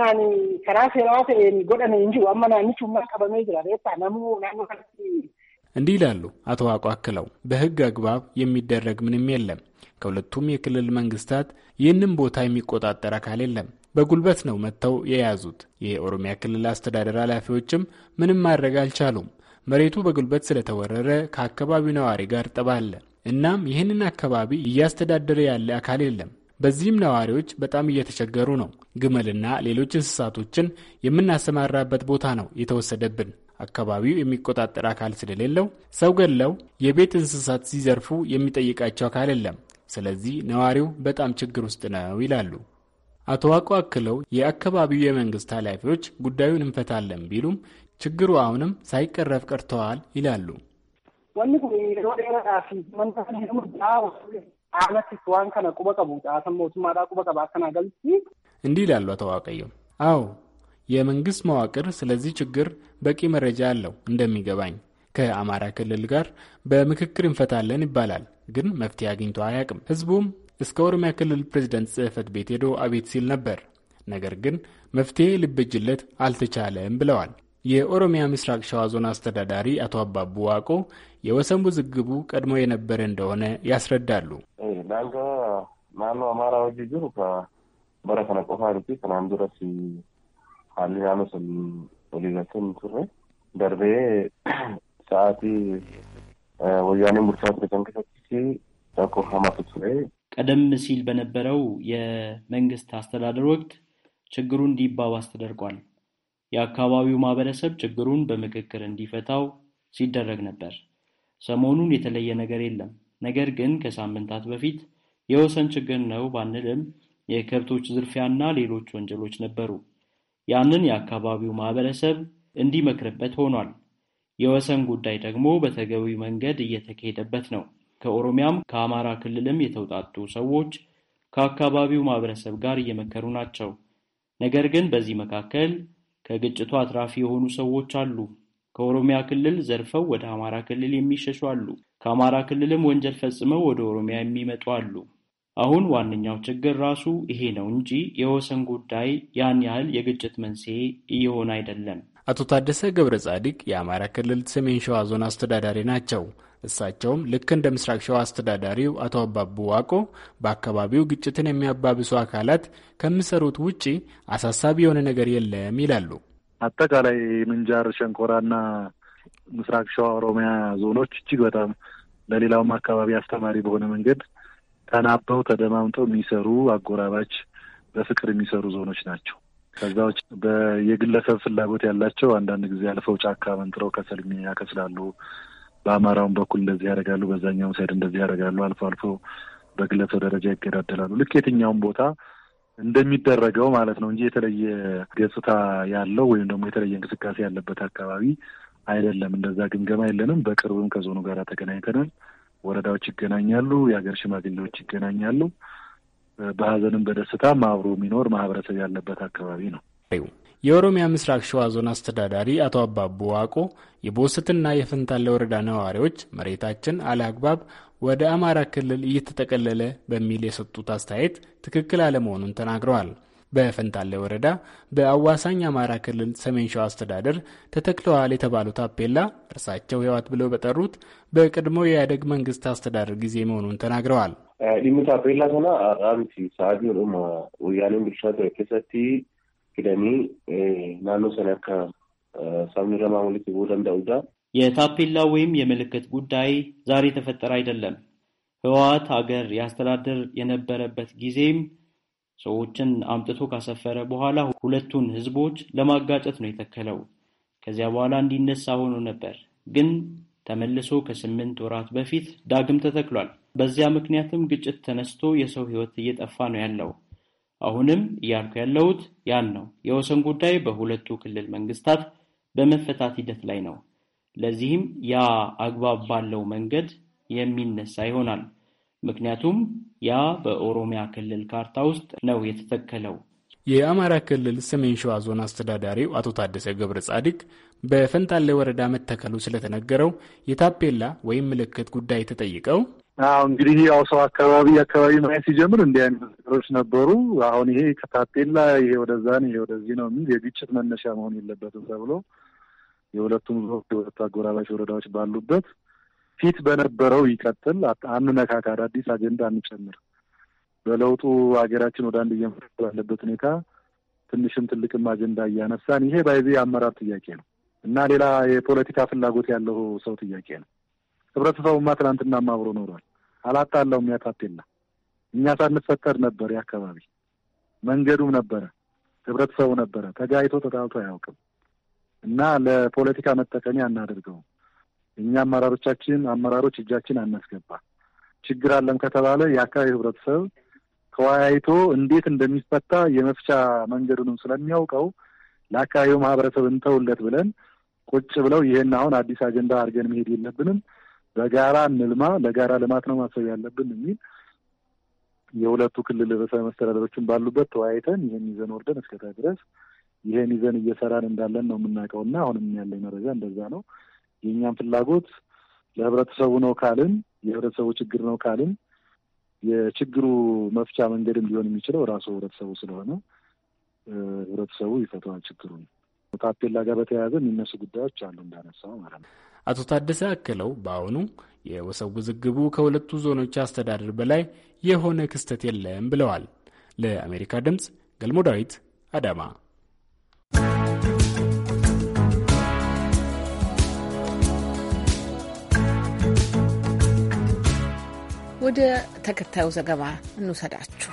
qonnaan karaa seeraa ta'een godhame እንጂ ዋማ ናምቹማ ቀበሜ ጅራ ሬታ ነሙ ናኖ እንዲህ ይላሉ አቶ ዋቆ አክለው በህግ አግባብ የሚደረግ ምንም የለም። ከሁለቱም የክልል መንግስታት ይህንን ቦታ የሚቆጣጠር አካል የለም። በጉልበት ነው መጥተው የያዙት። የኦሮሚያ ክልል አስተዳደር ኃላፊዎችም ምንም ማድረግ አልቻሉም። መሬቱ በጉልበት ስለተወረረ ከአካባቢው ነዋሪ ጋር ጥባ አለ። እናም ይህንን አካባቢ እያስተዳደረ ያለ አካል የለም። በዚህም ነዋሪዎች በጣም እየተቸገሩ ነው። ግመልና ሌሎች እንስሳቶችን የምናሰማራበት ቦታ ነው የተወሰደብን። አካባቢው የሚቆጣጠር አካል ስለሌለው ሰው ገለው የቤት እንስሳት ሲዘርፉ የሚጠይቃቸው አካል የለም። ስለዚህ ነዋሪው በጣም ችግር ውስጥ ነው ይላሉ። አቶ ዋቆ አክለው የአካባቢው የመንግስት ኃላፊዎች ጉዳዩን እንፈታለን ቢሉም ችግሩ አሁንም ሳይቀረፍ ቀርተዋል ይላሉ። aanattis ዋን kana quba qabu caasaan mootummaadhaa quba ቀባ kana galchi. እንዲህ ይላሉ አቶ ዋቀየው። አዎ የመንግስት መዋቅር ስለዚህ ችግር በቂ መረጃ አለው እንደሚገባኝ ከአማራ ክልል ጋር በምክክር እንፈታለን ይባላል፣ ግን መፍትሄ አግኝቶ አያውቅም። ህዝቡም እስከ ኦሮሚያ ክልል ፕሬዚደንት ጽህፈት ቤት ሄዶ አቤት ሲል ነበር። ነገር ግን መፍትሄ ልበጅለት አልተቻለም ብለዋል። የኦሮሚያ ምስራቅ ሸዋ ዞን አስተዳዳሪ አቶ አባቡ ዋቆ የወሰን ውዝግቡ ቀድሞ የነበረ እንደሆነ ያስረዳሉ። ዳንጋ ናኖ አማራ ወጅ ጅሩ ከበረ ከነ ቆፋ ከናን ከናም ሀሊ አሊያመስል ወሊዘትን ቱሬ ደርቤ ሰአቲ ወያኔ ሙርሳት ተጨንቅሰች ኮርሃማቱ ቱሬ ቀደም ሲል በነበረው የመንግስት አስተዳደር ወቅት ችግሩ እንዲባባስ ተደርጓል። የአካባቢው ማህበረሰብ ችግሩን በምክክር እንዲፈታው ሲደረግ ነበር። ሰሞኑን የተለየ ነገር የለም። ነገር ግን ከሳምንታት በፊት የወሰን ችግር ነው ባንልም የከብቶች ዝርፊያና ሌሎች ወንጀሎች ነበሩ። ያንን የአካባቢው ማህበረሰብ እንዲመክርበት ሆኗል። የወሰን ጉዳይ ደግሞ በተገቢ መንገድ እየተካሄደበት ነው። ከኦሮሚያም ከአማራ ክልልም የተውጣጡ ሰዎች ከአካባቢው ማህበረሰብ ጋር እየመከሩ ናቸው። ነገር ግን በዚህ መካከል ከግጭቱ አትራፊ የሆኑ ሰዎች አሉ። ከኦሮሚያ ክልል ዘርፈው ወደ አማራ ክልል የሚሸሹ አሉ። ከአማራ ክልልም ወንጀል ፈጽመው ወደ ኦሮሚያ የሚመጡ አሉ። አሁን ዋነኛው ችግር ራሱ ይሄ ነው እንጂ የወሰን ጉዳይ ያን ያህል የግጭት መንስኤ እየሆነ አይደለም። አቶ ታደሰ ገብረ ጻዲቅ የአማራ ክልል ሰሜን ሸዋ ዞን አስተዳዳሪ ናቸው። እሳቸውም ልክ እንደ ምስራቅ ሸዋ አስተዳዳሪው አቶ አባቡ ዋቆ በአካባቢው ግጭትን የሚያባብሱ አካላት ከሚሰሩት ውጪ አሳሳቢ የሆነ ነገር የለም ይላሉ። አጠቃላይ ምንጃር ሸንኮራና ምስራቅ ሸዋ ኦሮሚያ ዞኖች እጅግ በጣም ለሌላውም አካባቢ አስተማሪ በሆነ መንገድ ተናበው ተደማምጠው የሚሰሩ አጎራባች በፍቅር የሚሰሩ ዞኖች ናቸው። ከዛዎች በየግለሰብ ፍላጎት ያላቸው አንዳንድ ጊዜ አልፈው ጫካ መንጥረው ከሰል በአማራውን በኩል እንደዚህ ያደርጋሉ፣ በዛኛውም ሳይድ እንደዚህ ያደርጋሉ። አልፎ አልፎ በግለሰብ ደረጃ ይገዳደላሉ። ልክ የትኛውም ቦታ እንደሚደረገው ማለት ነው እንጂ የተለየ ገጽታ ያለው ወይም ደግሞ የተለየ እንቅስቃሴ ያለበት አካባቢ አይደለም። እንደዛ ግምገማ የለንም። በቅርብም ከዞኑ ጋር ተገናኝተናል። ወረዳዎች ይገናኛሉ፣ የሀገር ሽማግሌዎች ይገናኛሉ። በሀዘንም በደስታም አብሮ የሚኖር ማህበረሰብ ያለበት አካባቢ ነው። የኦሮሚያ ምስራቅ ሸዋ ዞን አስተዳዳሪ አቶ አባቡ ዋቆ የቦስትና የፈንታለ ወረዳ ነዋሪዎች መሬታችን አለአግባብ ወደ አማራ ክልል እየተጠቀለለ በሚል የሰጡት አስተያየት ትክክል አለመሆኑን ተናግረዋል። በፈንታላ ወረዳ በአዋሳኝ አማራ ክልል ሰሜን ሸዋ አስተዳደር ተተክለዋል የተባሉት አፔላ እርሳቸው ህወሓት ብለው በጠሩት በቅድሞ የኢህአዴግ መንግስት አስተዳደር ጊዜ መሆኑን ተናግረዋል። ዲሙ አፔላ ሆና ራምሲ ሳቢ ወያኔ ብልሻቶ የከሰቲ hidhanii naannoo sana akka sabni lamaa walitti የታፔላ ወይም የምልክት ጉዳይ ዛሬ የተፈጠረ አይደለም። ህወሓት ሀገር ያስተዳድር የነበረበት ጊዜም ሰዎችን አምጥቶ ካሰፈረ በኋላ ሁለቱን ህዝቦች ለማጋጨት ነው የተከለው። ከዚያ በኋላ እንዲነሳ ሆኖ ነበር፣ ግን ተመልሶ ከስምንት ወራት በፊት ዳግም ተተክሏል። በዚያ ምክንያትም ግጭት ተነስቶ የሰው ህይወት እየጠፋ ነው ያለው። አሁንም እያልኩ ያለሁት ያን ነው። የወሰን ጉዳይ በሁለቱ ክልል መንግስታት በመፈታት ሂደት ላይ ነው። ለዚህም ያ አግባብ ባለው መንገድ የሚነሳ ይሆናል። ምክንያቱም ያ በኦሮሚያ ክልል ካርታ ውስጥ ነው የተተከለው። የአማራ ክልል ሰሜን ሸዋ ዞን አስተዳዳሪው አቶ ታደሰ ገብረ ጻድቅ በፈንታሌ ወረዳ መተከሉ ስለተነገረው የታፔላ ወይም ምልክት ጉዳይ ተጠይቀው አሁ እንግዲህ ያው ሰው አካባቢ አካባቢ ማየት ሲጀምር እንዲህ አይነት ነገሮች ነበሩ። አሁን ይሄ ከታፔላ ይሄ ወደዛ ነው ይሄ ወደዚህ ነው የሚል የግጭት መነሻ መሆን የለበትም ተብሎ የሁለቱም ዞ የሁለቱ አጎራባች ወረዳዎች ባሉበት ፊት በነበረው ይቀጥል፣ አንነካካ፣ አዳዲስ አጀንዳ አንጨምር። በለውጡ ሀገራችን ወደ አንድ እየመራ ባለበት ሁኔታ ትንሽም ትልቅም አጀንዳ እያነሳን ይሄ ባይዚ የአመራር ጥያቄ ነው እና ሌላ የፖለቲካ ፍላጎት ያለው ሰው ጥያቄ ነው። ህብረተሰቡማ ትናንትናም አብሮ ኖሯል። አላጣላው የሚያጣት የለ። እኛ ሳንፈጠር ነበር የአካባቢ መንገዱም ነበረ፣ ህብረተሰቡ ነበረ። ተጋይቶ ተጣልቶ አያውቅም እና ለፖለቲካ መጠቀሚያ አናደርገውም። እኛ አመራሮቻችን አመራሮች እጃችን አናስገባ። ችግር አለም ከተባለ የአካባቢ ህብረተሰብ ተወያይቶ እንዴት እንደሚፈታ የመፍቻ መንገዱንም ስለሚያውቀው ለአካባቢው ማህበረሰብ እንተውለት ብለን ቁጭ ብለው ይህን አሁን አዲስ አጀንዳ አድርገን መሄድ የለብንም በጋራ እንልማ፣ ለጋራ ልማት ነው ማሰብ ያለብን የሚል የሁለቱ ክልል ርዕሰ መስተዳደሮችን ባሉበት ተወያይተን ይህን ይዘን ወርደን እስከታ ድረስ ይህን ይዘን እየሰራን እንዳለን ነው የምናውቀው እና አሁንም ያለኝ መረጃ እንደዛ ነው። የእኛም ፍላጎት ለህብረተሰቡ ነው ካልን የህብረተሰቡ ችግር ነው ካልን የችግሩ መፍቻ መንገድም ሊሆን የሚችለው ራሱ ህብረተሰቡ ስለሆነ ህብረተሰቡ ይፈተዋል ችግሩን። ታፔላ ጋር በተያያዘ የሚነሱ ጉዳዮች አሉ እንዳነሳው ማለት ነው። አቶ ታደሰ አክለው በአሁኑ የወሰብ ውዝግቡ ከሁለቱ ዞኖች አስተዳደር በላይ የሆነ ክስተት የለም ብለዋል። ለአሜሪካ ድምፅ ገልሞ ዳዊት አዳማ። ወደ ተከታዩ ዘገባ እንውሰዳችሁ።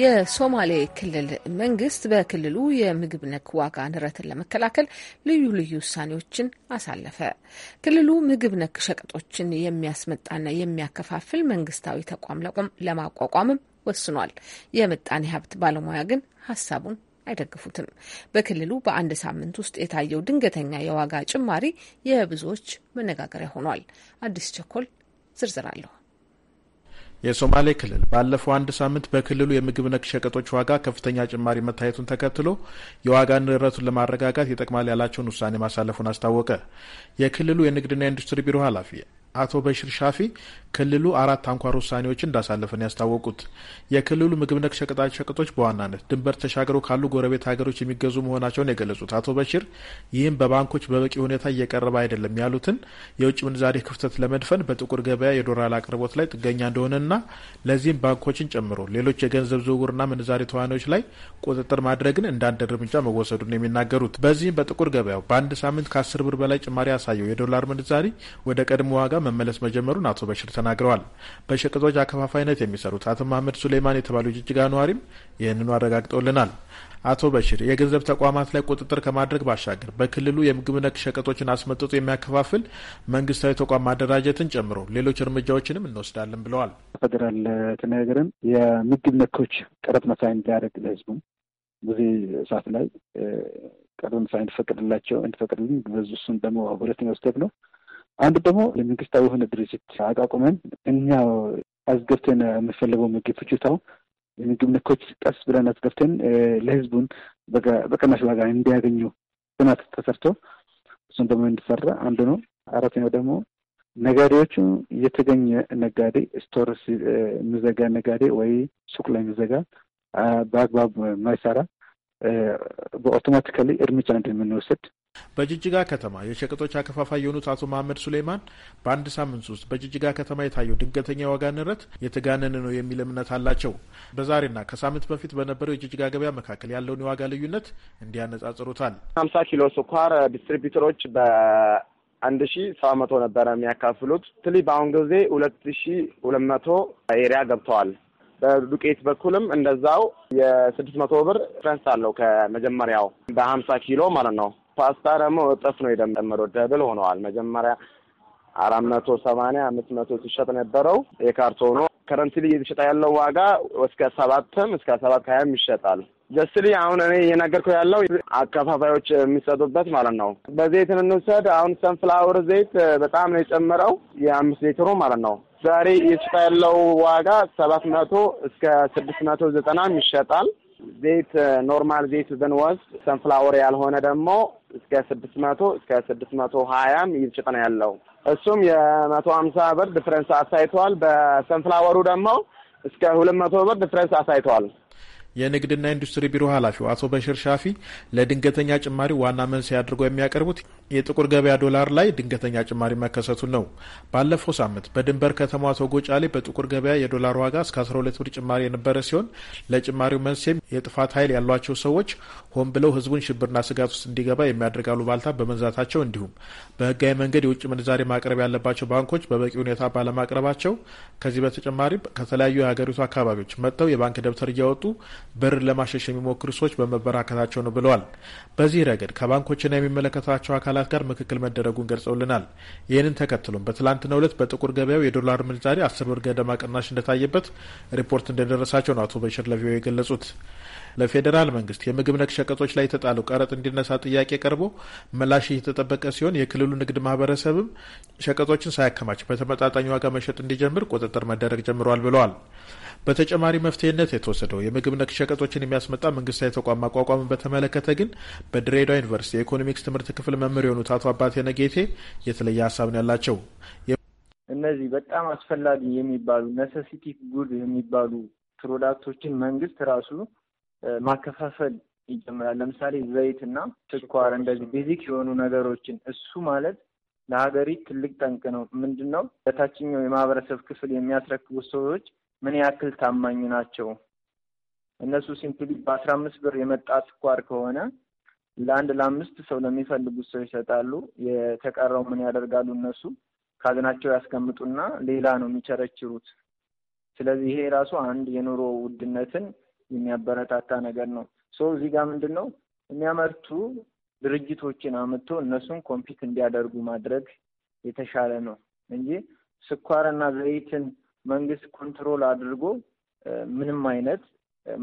የሶማሌ ክልል መንግስት በክልሉ የምግብ ነክ ዋጋ ንረትን ለመከላከል ልዩ ልዩ ውሳኔዎችን አሳለፈ። ክልሉ ምግብ ነክ ሸቀጦችን የሚያስመጣና የሚያከፋፍል መንግስታዊ ተቋም ለማቋቋምም ወስኗል። የምጣኔ ሀብት ባለሙያ ግን ሀሳቡን አይደግፉትም። በክልሉ በአንድ ሳምንት ውስጥ የታየው ድንገተኛ የዋጋ ጭማሪ የብዙዎች መነጋገሪያ ሆኗል። አዲስ ቸኮል ዝርዝር አለሁ የሶማሌ ክልል ባለፈው አንድ ሳምንት በክልሉ የምግብ ነክ ሸቀጦች ዋጋ ከፍተኛ ጭማሪ መታየቱን ተከትሎ የዋጋ ንረቱን ለማረጋጋት ይጠቅማል ያላቸውን ውሳኔ ማሳለፉን አስታወቀ። የክልሉ የንግድና ኢንዱስትሪ ቢሮ ኃላፊ አቶ በሽር ሻፊ ክልሉ አራት አንኳር ውሳኔዎች እንዳሳለፈን ያስታወቁት የክልሉ ምግብ ነክ ሸቀጣ ሸቀጦች በዋናነት ድንበር ተሻግረው ካሉ ጎረቤት ሀገሮች የሚገዙ መሆናቸውን የገለጹት አቶ በሽር ይህም በባንኮች በበቂ ሁኔታ እየቀረበ አይደለም ያሉትን የውጭ ምንዛሬ ክፍተት ለመድፈን በጥቁር ገበያ የዶላር አቅርቦት ላይ ጥገኛ እንደሆነና ለዚህም ባንኮችን ጨምሮ ሌሎች የገንዘብ ዝውውርና ምንዛሬ ተዋናዎች ላይ ቁጥጥር ማድረግን እንደ እርምጃ መወሰዱን የሚናገሩት በዚህም በጥቁር ገበያው በአንድ ሳምንት ከአስር ብር በላይ ጭማሪ ያሳየው የዶላር ምንዛሬ ወደ ቀድሞ ዋጋ መመለስ መጀመሩን አቶ በሽር ተናግረዋል። በሸቀጦች አከፋፋይነት የሚሰሩት አቶ መሀመድ ሱሌማን የተባሉ ጅጅጋ ነዋሪም ይህንኑ አረጋግጠውልናል። አቶ በሽር የገንዘብ ተቋማት ላይ ቁጥጥር ከማድረግ ባሻገር በክልሉ የምግብ ነክ ሸቀጦችን አስመጥጦ የሚያከፋፍል መንግስታዊ ተቋም ማደራጀትን ጨምሮ ሌሎች እርምጃዎችንም እንወስዳለን ብለዋል። ፌዴራል ተነገርን የምግብ ነኮች ቀረጥ መሳይ እንዲያደርግ ለህዝቡ ጊዜ ሰዓት ላይ ቀረጥ መሳይ እንዲፈቅድላቸው እንዲፈቅድልን በዙ እሱን ደግሞ ሁለተኛው ስቴፕ ነው። አንዱ ደግሞ የመንግስታዊ የሆነ ድርጅት አቋቁመን እኛ አስገብተን የምፈልገው ምግብ ፍጆታው የምግብ ነኮች ቀስ ብለን አስገብተን ለህዝቡን በቅናሽ ዋጋ እንዲያገኙ ጥናት ተሰርቶ እሱን ደግሞ እንዲሰራ አንዱ ነው። አራተኛው ደግሞ ነጋዴዎቹ የተገኘ ነጋዴ ስቶር የሚዘጋ ነጋዴ ወይ ሱቅ ላይ የሚዘጋ በአግባብ ማይሰራ በኦቶማቲካሊ እርምጃ እንድንወስድ በጅጅጋ ከተማ የሸቀጦች አከፋፋይ የሆኑት አቶ መሀመድ ሱሌማን በአንድ ሳምንት ውስጥ በጅጅጋ ከተማ የታየው ድንገተኛ የዋጋ ንረት የተጋነነ ነው የሚል እምነት አላቸው። በዛሬና ከሳምንት በፊት በነበረው የጅጅጋ ገበያ መካከል ያለውን የዋጋ ልዩነት እንዲያነጻጽሩታል። ሀምሳ ኪሎ ስኳር ዲስትሪቢዩተሮች በአንድ ሺ ሰባት መቶ ነበረ የሚያካፍሉት ትሊ በአሁን ጊዜ ሁለት ሺ ሁለት መቶ ኤሪያ ገብተዋል። በዱቄት በኩልም እንደዛው የስድስት መቶ ብር ፍረንስ አለው ከመጀመሪያው በሀምሳ ኪሎ ማለት ነው። ፓስታ ደግሞ እጥፍ ነው የደመረው። ደብል ሆነዋል። መጀመሪያ አራት መቶ ሰማንያ አምስት መቶ ሲሸጥ ነበረው የካርቶኑ ከረንትሊ እየተሸጠ ያለው ዋጋ እስከ ሰባትም እስከ ሰባት ከሀያም ይሸጣል። ጀስሊ አሁን እኔ እየነገርኩ ያለው አከፋፋዮች የሚሰጡበት ማለት ነው። በዘይት እንውሰድ። አሁን ሰንፍላወር ዘይት በጣም ነው የጨመረው የአምስት ሊትሩ ማለት ነው። ዛሬ እየተሸጠ ያለው ዋጋ ሰባት መቶ እስከ ስድስት መቶ ዘጠናም ይሸጣል። ዘይት ኖርማል ዘይት ብንወስድ ሰንፍላወር ያልሆነ ደግሞ እስከ ስድስት መቶ እስከ ስድስት መቶ ሀያም ይብጭጥ ነው ያለው። እሱም የመቶ ሀምሳ ብር ዲፍረንስ አሳይተዋል። በሰንፍላወሩ ደግሞ እስከ ሁለት መቶ ብር ዲፍረንስ አሳይተዋል። የንግድና ኢንዱስትሪ ቢሮ ኃላፊው አቶ በሽር ሻፊ ለድንገተኛ ጭማሪ ዋና መንስኤ አድርገው የሚያቀርቡት የጥቁር ገበያ ዶላር ላይ ድንገተኛ ጭማሪ መከሰቱን ነው። ባለፈው ሳምንት በድንበር ከተማዋ ጎጫሌ በጥቁር ገበያ የዶላር ዋጋ እስከ 12 ብር ጭማሪ የነበረ ሲሆን ለጭማሪው መንስኤም የጥፋት ኃይል ያሏቸው ሰዎች ሆን ብለው ህዝቡን ሽብርና ስጋት ውስጥ እንዲገባ የሚያደርጋሉ ባልታ በመንዛታቸው እንዲሁም በህጋዊ መንገድ የውጭ ምንዛሬ ማቅረብ ያለባቸው ባንኮች በበቂ ሁኔታ ባለማቅረባቸው ከዚህ በተጨማሪ ከተለያዩ የሀገሪቱ አካባቢዎች መጥተው የባንክ ደብተር እያወጡ ብር ለማሸሽ የሚሞክሩ ሰዎች በመበራከታቸው ነው ብለዋል። በዚህ ረገድ ከባንኮችና የሚመለከታቸው አካላት ጋር ምክክል መደረጉን ገልጸውልናል። ይህንን ተከትሎም በትላንትናው ዕለት በጥቁር ገበያው የዶላር ምንዛሬ አስር ብር ገደማ ቅናሽ እንደታየበት ሪፖርት እንደደረሳቸው ነው አቶ በሽር ለቪዮ የገለጹት። ለፌዴራል መንግስት የምግብ ነክ ሸቀጦች ላይ የተጣለው ቀረጥ እንዲነሳ ጥያቄ ቀርቦ ምላሽ እየተጠበቀ ሲሆን የክልሉ ንግድ ማህበረሰብም ሸቀጦችን ሳያከማች በተመጣጣኝ ዋጋ መሸጥ እንዲጀምር ቁጥጥር መደረግ ጀምሯል ብለዋል። በተጨማሪ መፍትሄነት የተወሰደው የምግብ ነክ ሸቀጦችን የሚያስመጣ መንግስታዊ ተቋም ማቋቋምን በተመለከተ ግን በድሬዳዋ ዩኒቨርሲቲ የኢኮኖሚክስ ትምህርት ክፍል መምህር የሆኑት አቶ አባቴ ነጌቴ የተለየ ሀሳብ ነው ያላቸው። እነዚህ በጣም አስፈላጊ የሚባሉ ነሰሲቲ ጉድ የሚባሉ ፕሮዳክቶችን መንግስት ራሱ ማከፋፈል ይጀምራል። ለምሳሌ ዘይት እና ስኳር እንደዚህ ቤዚክ የሆኑ ነገሮችን እሱ ማለት ለሀገሪት ትልቅ ጠንቅ ነው። ምንድን ነው በታችኛው የማህበረሰብ ክፍል የሚያስረክቡ ሰዎች ምን ያክል ታማኝ ናቸው? እነሱ ሲምፕሊ በአስራ አምስት ብር የመጣ ስኳር ከሆነ ለአንድ ለአምስት ሰው ለሚፈልጉት ሰው ይሰጣሉ። የተቀረው ምን ያደርጋሉ? እነሱ ካዝናቸው ያስቀምጡና ሌላ ነው የሚቸረችሩት። ስለዚህ ይሄ ራሱ አንድ የኑሮ ውድነትን የሚያበረታታ ነገር ነው። ሰው እዚህ ጋር ምንድን ነው የሚያመርቱ ድርጅቶችን አምጥቶ እነሱን ኮምፒት እንዲያደርጉ ማድረግ የተሻለ ነው እንጂ ስኳርና ዘይትን መንግስት ኮንትሮል አድርጎ ምንም አይነት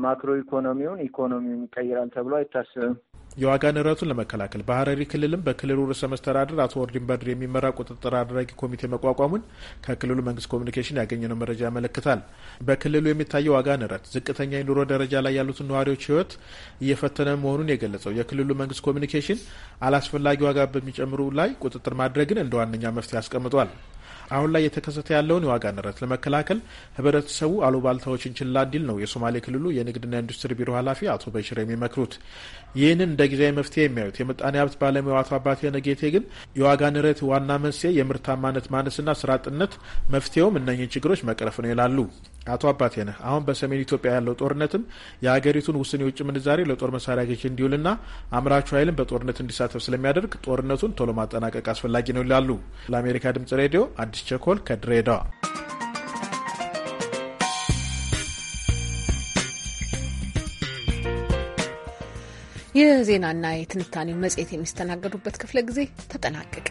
ማክሮ ኢኮኖሚውን ኢኮኖሚውን ይቀይራል ተብሎ አይታሰብም። የዋጋ ንረቱን ለመከላከል በሀረሪ ክልልም በክልሉ ርዕሰ መስተዳድር አቶ ኦርዲን በድር የሚመራ ቁጥጥር አድራጊ ኮሚቴ መቋቋሙን ከክልሉ መንግስት ኮሚኒኬሽን ያገኘነው መረጃ ያመለክታል። በክልሉ የሚታየው ዋጋ ንረት ዝቅተኛ የኑሮ ደረጃ ላይ ያሉትን ነዋሪዎች ህይወት እየፈተነ መሆኑን የገለጸው የክልሉ መንግስት ኮሚኒኬሽን አላስፈላጊ ዋጋ በሚጨምሩ ላይ ቁጥጥር ማድረግን እንደ ዋነኛ መፍትሄ አስቀምጧል። አሁን ላይ የተከሰተ ያለውን የዋጋ ንረት ለመከላከል ህብረተሰቡ አሉባልታዎችን ችላ እንዲል ነው የሶማሌ ክልሉ የንግድና ኢንዱስትሪ ቢሮ ኃላፊ አቶ በሽር የሚመክሩት። ይህንን እንደ ጊዜያዊ መፍትሄ የሚያዩት የምጣኔ ሀብት ባለሙያው አቶ አባቴ ነጌቴ ግን የዋጋ ንረት ዋና መንስኤ የምርታማነት ማነስና ስራ አጥነት፣ መፍትሄውም እነኝን ችግሮች መቅረፍ ነው ይላሉ። አቶ አባቴ ነህ አሁን በሰሜን ኢትዮጵያ ያለው ጦርነትም የሀገሪቱን ውስን የውጭ ምንዛሬ ለጦር መሳሪያ እንዲውል እንዲውልና አምራቹ ኃይልን በጦርነት እንዲሳተፍ ስለሚያደርግ ጦርነቱን ቶሎ ማጠናቀቅ አስፈላጊ ነው ይላሉ። ለአሜሪካ ድምጽ ሬዲዮ አዲስ ቸኮል ከድሬዳዋ። የዜናና የትንታኔው መጽሔት የሚስተናገዱበት ክፍለ ጊዜ ተጠናቀቀ።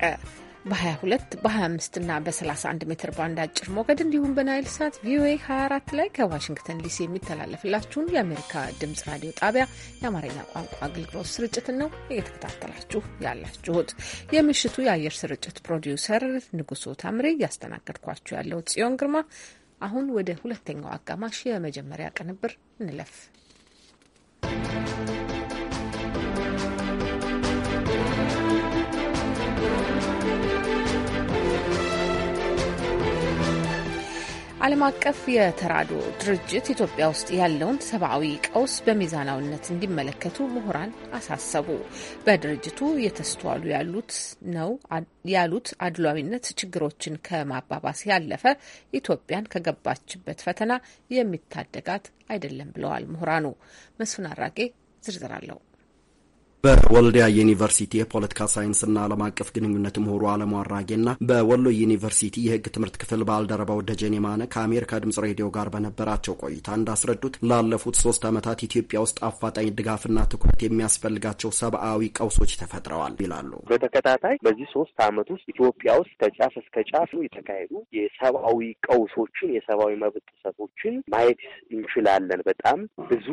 በ22 በ25 እና በ31 ሜትር ባንድ አጭር ሞገድ እንዲሁም በናይል ሳት ቪኦኤ 24 ላይ ከዋሽንግተን ዲሲ የሚተላለፍላችሁን የአሜሪካ ድምጽ ራዲዮ ጣቢያ የአማርኛ ቋንቋ አገልግሎት ስርጭትን ነው እየተከታተላችሁ ያላችሁት። የምሽቱ የአየር ስርጭት ፕሮዲውሰር ንጉሶ ታምሬ፣ እያስተናገድኳችሁ ያለው ጽዮን ግርማ። አሁን ወደ ሁለተኛው አጋማሽ የመጀመሪያ ቅንብር እንለፍ። ዓለም አቀፍ የተራድኦ ድርጅት ኢትዮጵያ ውስጥ ያለውን ሰብአዊ ቀውስ በሚዛናዊነት እንዲመለከቱ ምሁራን አሳሰቡ። በድርጅቱ እየተስተዋሉ ያሉት ነው ያሉት አድሏዊነት ችግሮችን ከማባባስ ያለፈ ኢትዮጵያን ከገባችበት ፈተና የሚታደጋት አይደለም ብለዋል ምሁራኑ። መስፍን አራጌ ዝርዝር አለው። በወልዲያ ዩኒቨርሲቲ የፖለቲካ ሳይንስና ዓለም አቀፍ ግንኙነት ምሁሩ አለሙ አራጌና በወሎ ዩኒቨርሲቲ የህግ ትምህርት ክፍል ባልደረባው ደጀኔ ማነ ከአሜሪካ ድምጽ ሬዲዮ ጋር በነበራቸው ቆይታ እንዳስረዱት ላለፉት ሶስት ዓመታት ኢትዮጵያ ውስጥ አፋጣኝ ድጋፍና ትኩረት የሚያስፈልጋቸው ሰብአዊ ቀውሶች ተፈጥረዋል ይላሉ። በተከታታይ በዚህ ሶስት ዓመት ውስጥ ኢትዮጵያ ውስጥ ከጫፍ እስከ ጫፍ የተካሄዱ የሰብአዊ ቀውሶችን የሰብአዊ መብት ጥሰቶችን ማየት እንችላለን። በጣም ብዙ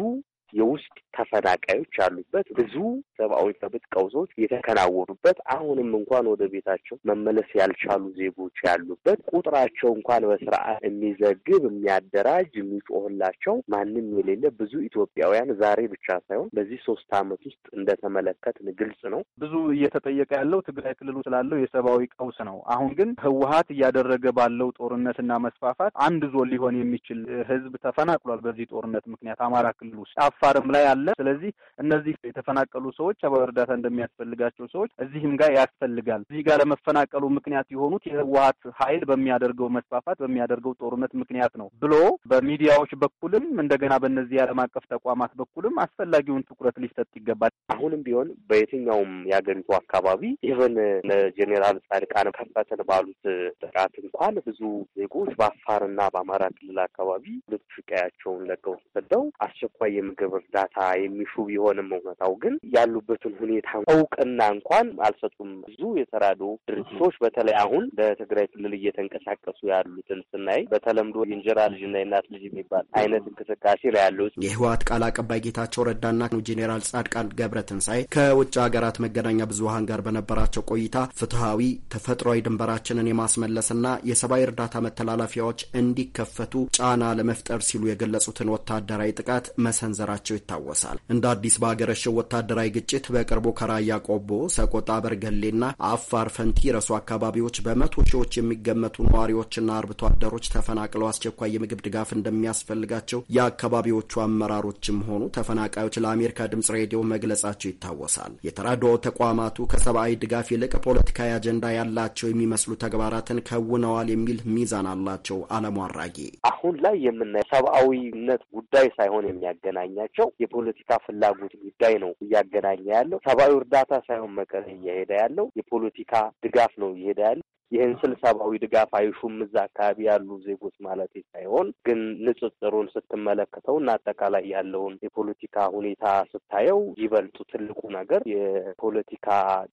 የውስጥ ተፈናቃዮች ያሉበት ብዙ ሰብአዊ መብት ቀውሶች የተከናወኑበት አሁንም እንኳን ወደ ቤታቸው መመለስ ያልቻሉ ዜጎች ያሉበት ቁጥራቸው እንኳን በስርዓት የሚዘግብ የሚያደራጅ የሚጮህላቸው ማንም የሌለ ብዙ ኢትዮጵያውያን ዛሬ ብቻ ሳይሆን በዚህ ሶስት ዓመት ውስጥ እንደተመለከትን ግልጽ ነው። ብዙ እየተጠየቀ ያለው ትግራይ ክልሉ ስላለው የሰብአዊ ቀውስ ነው። አሁን ግን ህወሀት እያደረገ ባለው ጦርነትና መስፋፋት አንድ ዞን ሊሆን የሚችል ህዝብ ተፈናቅሏል። በዚህ ጦርነት ምክንያት አማራ ክልል ውስጥ አፋርም ላይ አለ። ስለዚህ እነዚህ የተፈናቀሉ ሰዎች ሰብዓዊ እርዳታ እንደሚያስፈልጋቸው ሰዎች እዚህም ጋር ያስፈልጋል። እዚህ ጋር ለመፈናቀሉ ምክንያት የሆኑት የህወሀት ኃይል በሚያደርገው መስፋፋት በሚያደርገው ጦርነት ምክንያት ነው ብሎ በሚዲያዎች በኩልም እንደገና በእነዚህ የዓለም አቀፍ ተቋማት በኩልም አስፈላጊውን ትኩረት ሊሰጥ ይገባል። አሁንም ቢሆን በየትኛውም የሀገሪቱ አካባቢ ኢቨን ለጄኔራል ጻድቃን ከፈትን ባሉት ጥቃት እንኳን ብዙ ዜጎች በአፋርና በአማራ ክልል አካባቢ ልጆች ቀያቸውን ለቀው ተሰደው አስቸኳይ የምግብ የገንዘብ እርዳታ የሚሹ ቢሆንም እውነታው ግን ያሉበትን ሁኔታ እውቅና እንኳን አልሰጡም። ብዙ የተራዶ ድርጅቶች በተለይ አሁን በትግራይ ክልል እየተንቀሳቀሱ ያሉትን ስናይ በተለምዶ የእንጀራ ልጅና የእናት ልጅ የሚባል አይነት እንቅስቃሴ ነው ያሉት። የህወሓት ቃል አቀባይ ጌታቸው ረዳና ጄኔራል ጻድቃን ገብረ ትንሳኤ ከውጭ ሀገራት መገናኛ ብዙሀን ጋር በነበራቸው ቆይታ ፍትሐዊ ተፈጥሯዊ ድንበራችንን የማስመለስና የሰብአዊ እርዳታ መተላለፊያዎች እንዲከፈቱ ጫና ለመፍጠር ሲሉ የገለጹትን ወታደራዊ ጥቃት መሰንዘራቸው መሆናቸው ይታወሳል። እንደ አዲስ በሀገረሸው ወታደራዊ ግጭት በቅርቡ ከራያ ቆቦ፣ ሰቆጣ፣ በርገሌና አፋር ፈንቲ ረሱ አካባቢዎች በመቶ ሺዎች የሚገመቱ ነዋሪዎችና አርብቶ አደሮች ተፈናቅለው አስቸኳይ የምግብ ድጋፍ እንደሚያስፈልጋቸው የአካባቢዎቹ አመራሮችም ሆኑ ተፈናቃዮች ለአሜሪካ ድምጽ ሬዲዮ መግለጻቸው ይታወሳል። የተራድኦ ተቋማቱ ከሰብአዊ ድጋፍ ይልቅ ፖለቲካዊ አጀንዳ ያላቸው የሚመስሉ ተግባራትን ከውነዋል የሚል ሚዛን አላቸው። አለሙ አራጌ አሁን ላይ የምናየው ሰብአዊነት ጉዳይ ሳይሆን የሚያገናኛ ያላቸው የፖለቲካ ፍላጎት ጉዳይ ነው እያገናኘ ያለው። ሰብአዊ እርዳታ ሳይሆን መቀሌ እየሄደ ያለው የፖለቲካ ድጋፍ ነው እየሄደ ያለው። ይህን ስብሰባዊ ድጋፍ አይሹም እዛ አካባቢ ያሉ ዜጎች ማለት ሳይሆን ግን ንጽጽሩን ስትመለከተው እና አጠቃላይ ያለውን የፖለቲካ ሁኔታ ስታየው ይበልጡ ትልቁ ነገር የፖለቲካ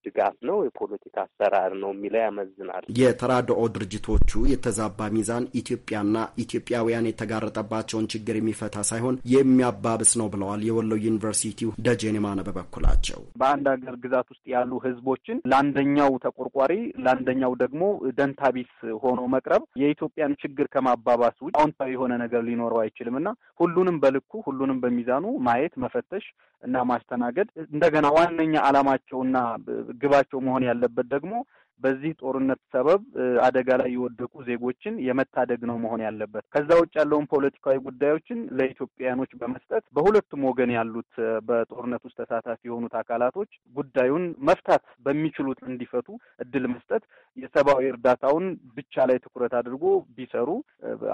ድጋፍ ነው፣ የፖለቲካ አሰራር ነው የሚለው ያመዝናል። የተራድኦ ድርጅቶቹ የተዛባ ሚዛን ኢትዮጵያና ኢትዮጵያውያን የተጋረጠባቸውን ችግር የሚፈታ ሳይሆን የሚያባብስ ነው ብለዋል። የወሎ ዩኒቨርሲቲው ደጀኔ ማነ በበኩላቸው በአንድ ሀገር ግዛት ውስጥ ያሉ ህዝቦችን ለአንደኛው ተቆርቋሪ ለአንደኛው ደግሞ ደንታቢስ ሆኖ መቅረብ የኢትዮጵያን ችግር ከማባባስ ውጭ አዎንታዊ የሆነ ነገር ሊኖረው አይችልም እና ሁሉንም በልኩ ሁሉንም በሚዛኑ ማየት፣ መፈተሽ እና ማስተናገድ እንደገና ዋነኛ ዓላማቸውና ግባቸው መሆን ያለበት ደግሞ በዚህ ጦርነት ሰበብ አደጋ ላይ የወደቁ ዜጎችን የመታደግ ነው መሆን ያለበት። ከዛ ውጭ ያለውን ፖለቲካዊ ጉዳዮችን ለኢትዮጵያውያኖች በመስጠት በሁለቱም ወገን ያሉት በጦርነት ውስጥ ተሳታፊ የሆኑት አካላቶች ጉዳዩን መፍታት በሚችሉት እንዲፈቱ እድል መስጠት፣ የሰብአዊ እርዳታውን ብቻ ላይ ትኩረት አድርጎ ቢሰሩ